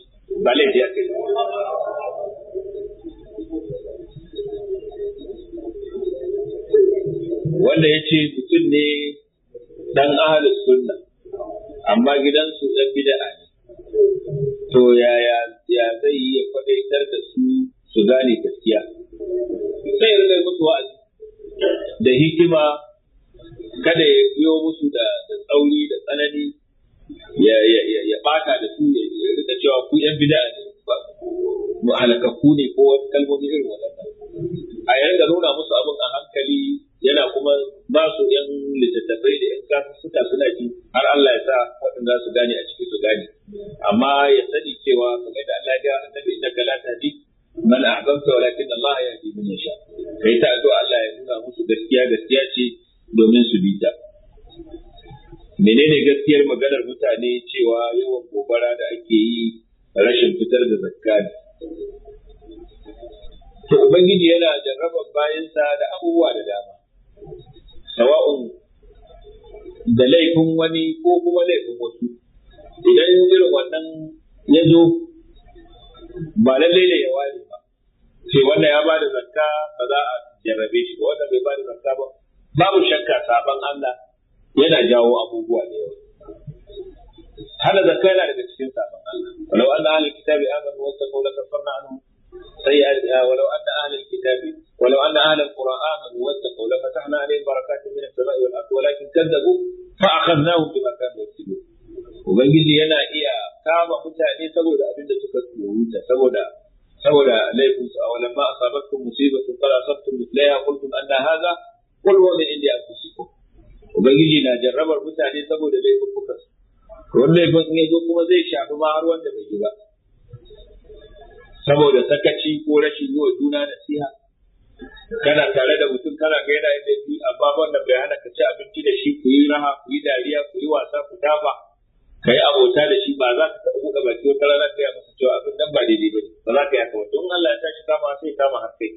ka yi abota da shi ba za ka taɓa buɗe baki wata rana ka yi masa cewa abin nan ba daidai ba ba za ka yi haka ba Allah ya tashi kama sai kama har kai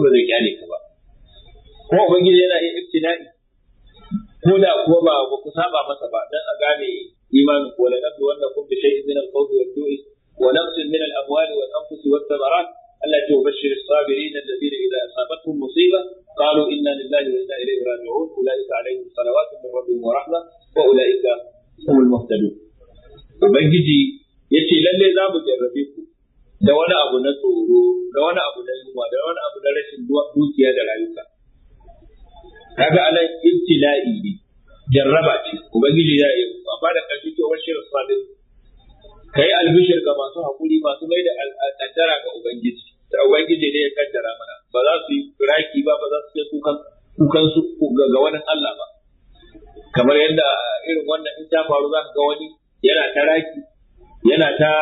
ba zai kyale ka ba ko ubangiji yana yin ibtina'i ko da kuwa ba ba ku saba masa ba dan a gane imanin ko la nabdu wannakum bi shay'in min al-khawfi wad-du'i wa nafsin min al-amwali wal-anfusi wath-thamarat التي تبشر الصابرين الذين إذا أصابتهم مصيبة قالوا إنا لله وإنا إليه راجعون أولئك عليهم صلوات من ربهم ورحمة وأولئك هم المهتدون ubangiji ya ce lalle za mu jarrabe ku da wani abu na tsoro da wani abu na yunwa da wani abu na rashin dukiya da rayuka kaga anan ibtila'i ne jarraba ce ubangiji ya yi amma da ƙarfi ce wani shirin sadin ka yi albishir ga masu haƙuri masu mai da kaddara ga ubangiji da ubangiji ne ya kaddara mana ba za su yi raki ba ba za su kai kukan kukan su ga wani Allah ba kamar yadda irin wannan in ta faru za ka ga wani yana ta raki yana ta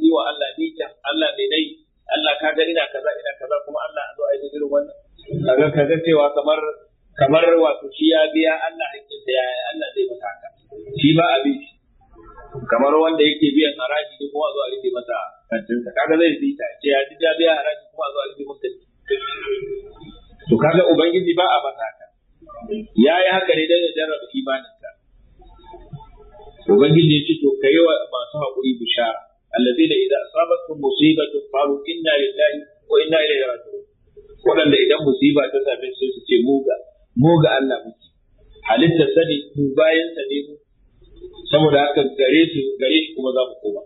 yi wa Allah nita Allah ne dai Allah ka ga ina kaza ina kaza kuma Allah a zo a yi irin wannan kaga kaga cewa kamar kamar wato shi ya biya Allah hakkin da ya Allah zai masa haka shi ba abin kamar wanda yake biyan haraji ne kuma a zo a rike masa kantin kaga zai ta ce ya ji ya biya haraji kuma a zo a rike masa to kaga ubangiji ba a masa haka yayi haka ne dan ya jarraba imani ubangiji ya ce to kai wa masu haƙuri bishara da idza asabatkum musibatun qalu inna lillahi wa inna ilaihi raji'un waɗanda idan musiba ta same su su ce muga muga Allah muke halitta sani mu bayan sa ne mu saboda haka gare su gare shi kuma za mu koma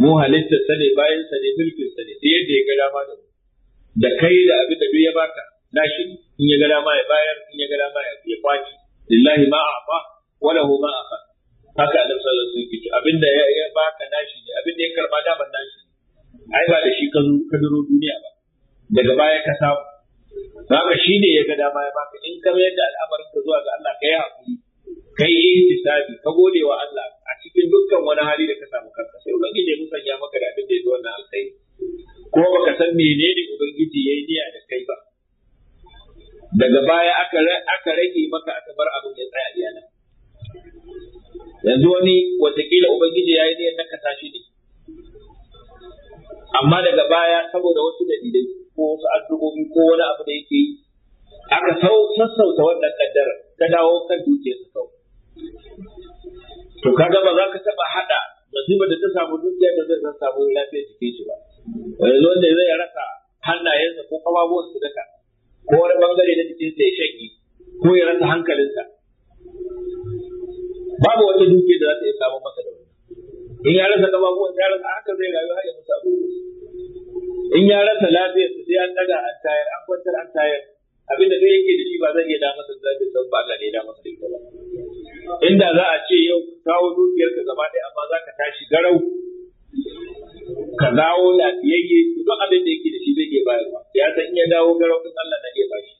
mu halitta sani bayan sa ne mulkin sa ne yadda ya ga dama da mu da kai da abin da duk ya baka na nashi in ya ga dama ya bayar in ya ga dama ya kwaci lillahi ma a'fa wa lahu ma akhadha haka annabi sallallahu alaihi wasallam abinda ya ya baka nashi ne abinda ya karba daban nashi ai ba da shi ka ka duro duniya ba daga baya ka samu haka shi ne ya ga dama ya baka in ka mayar da al'amarin ka zuwa ga Allah ka yi hakuri ka yi ihtisabi ka gode wa Allah a cikin dukkan wani hali da ka samu kanka sai ubangiji ya musanya maka da abin da ya zo wannan alkhairi ko baka san menene ubangiji yayi niyya da kai ba daga baya aka aka rage maka aka bar abin ya tsaya yanar yanzu wani watakila ubangiji ya yi niyyar nakasa shi ne amma daga baya saboda wasu dalilai ko wasu addu'o'i ko wani abu da yake yi aka sassauta wannan kaddara ta dawo kan dukiyarsa kawai to kaga ba za ka taba hada musibar da ta samu dukiya da zai san samu lafiya jikin shi ba yanzu wanda zai rasa hannayensa ko kafafuwansa daka ko wani bangare na jikinsa ya shanye ko ya rasa hankalinsa babu wata dukiya da za ta iya samun masa da wani in ya rasa gababuwan ya rasa haka zai rayu har ya mutu a in ya rasa lafiyar su sai an daga an tayar an kwantar an tayar abinda da yake da shi ba zai iya da zai lafiyar ba Allah ne da masa ita ba inda za a ce yau kawo dukiyar ka gaba ɗaya amma za ka tashi garau ka dawo lafiyayye duk abin da yake da shi zai iya bayarwa ya san in ya dawo garau din Allah na iya bashi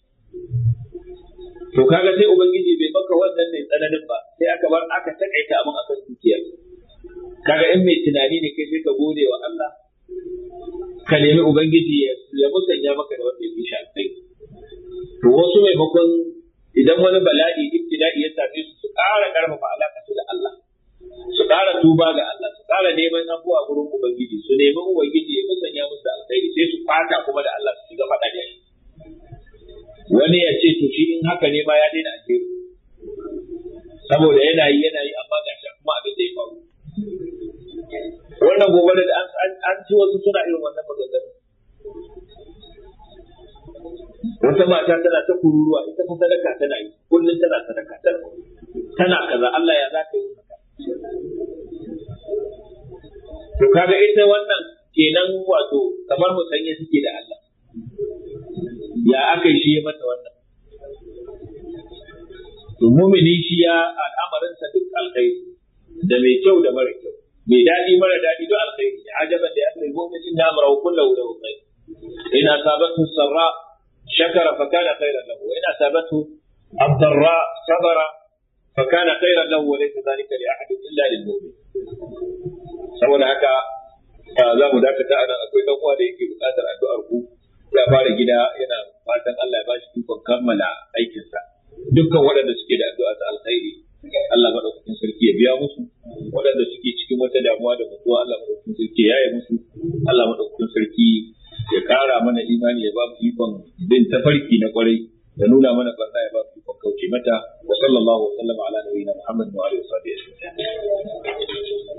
to kaga sai ubangiji bai baka wannan ne tsananin ba sai aka bar aka takaita abin akan dukiya kaga in mai tunani ne kai sai ka gode wa Allah ka nemi ubangiji ya musanya maka da wanda ya fi to wasu maimakon idan wani bala'i ibtida'i ya same su su ƙara ƙarfafa alaƙa su da Allah su ƙara tuba ga Allah su ƙara neman abubuwa gurin ubangiji su nemi ubangiji ya musanya musu da alkhairi sai su kwata kuma da Allah su shiga faɗa da shi wani ya ce to shi in haka ne ma ya daina alheri saboda yana yi yana yi amma ga shi kuma abin da ya faru wannan gobe da an ci wasu suna irin wannan maganganu wata mata tana ta kururuwa ita fa sadaka tana yi kullum tana sadaka tana kaza Allah ya zaka yi haka to kaga ita wannan kenan wato kamar musanye suke da Allah ya aka yi shi ya mata wannan to mumini shi ya al'amarinsa duk alkhairi da mai kyau da mara kyau mai daɗi mara daɗi duk alkhairi ne ajaban da ya yasmi mu'min inna amrahu kullahu lahu khair Ina Sabatu sarra shakara fa kana khairan lahu wa in asabatu ad sabara fa kana khairan lahu wa laysa dhalika li ahadin illa lil mu'min saboda haka za mu dakata anan akwai dan uwa da yake buƙatar addu'ar ku ya fara gida yana fatan Allah ya bashi dukkan kammala aikinsa dukkan waɗanda suke da addu'a ta alkhairi Allah madaukakin sarki ya biya musu waɗanda suke cikin wata damuwa da mutuwa Allah madaukakin sarki ya yi musu Allah madaukakin sarki ya kara mana imani ya ba mu ikon bin tafarki na kwarai da nuna mana barna ya ba mu ikon kauce mata wa sallallahu wa sallama ala nabiyina Muhammad wa alihi wa sahbihi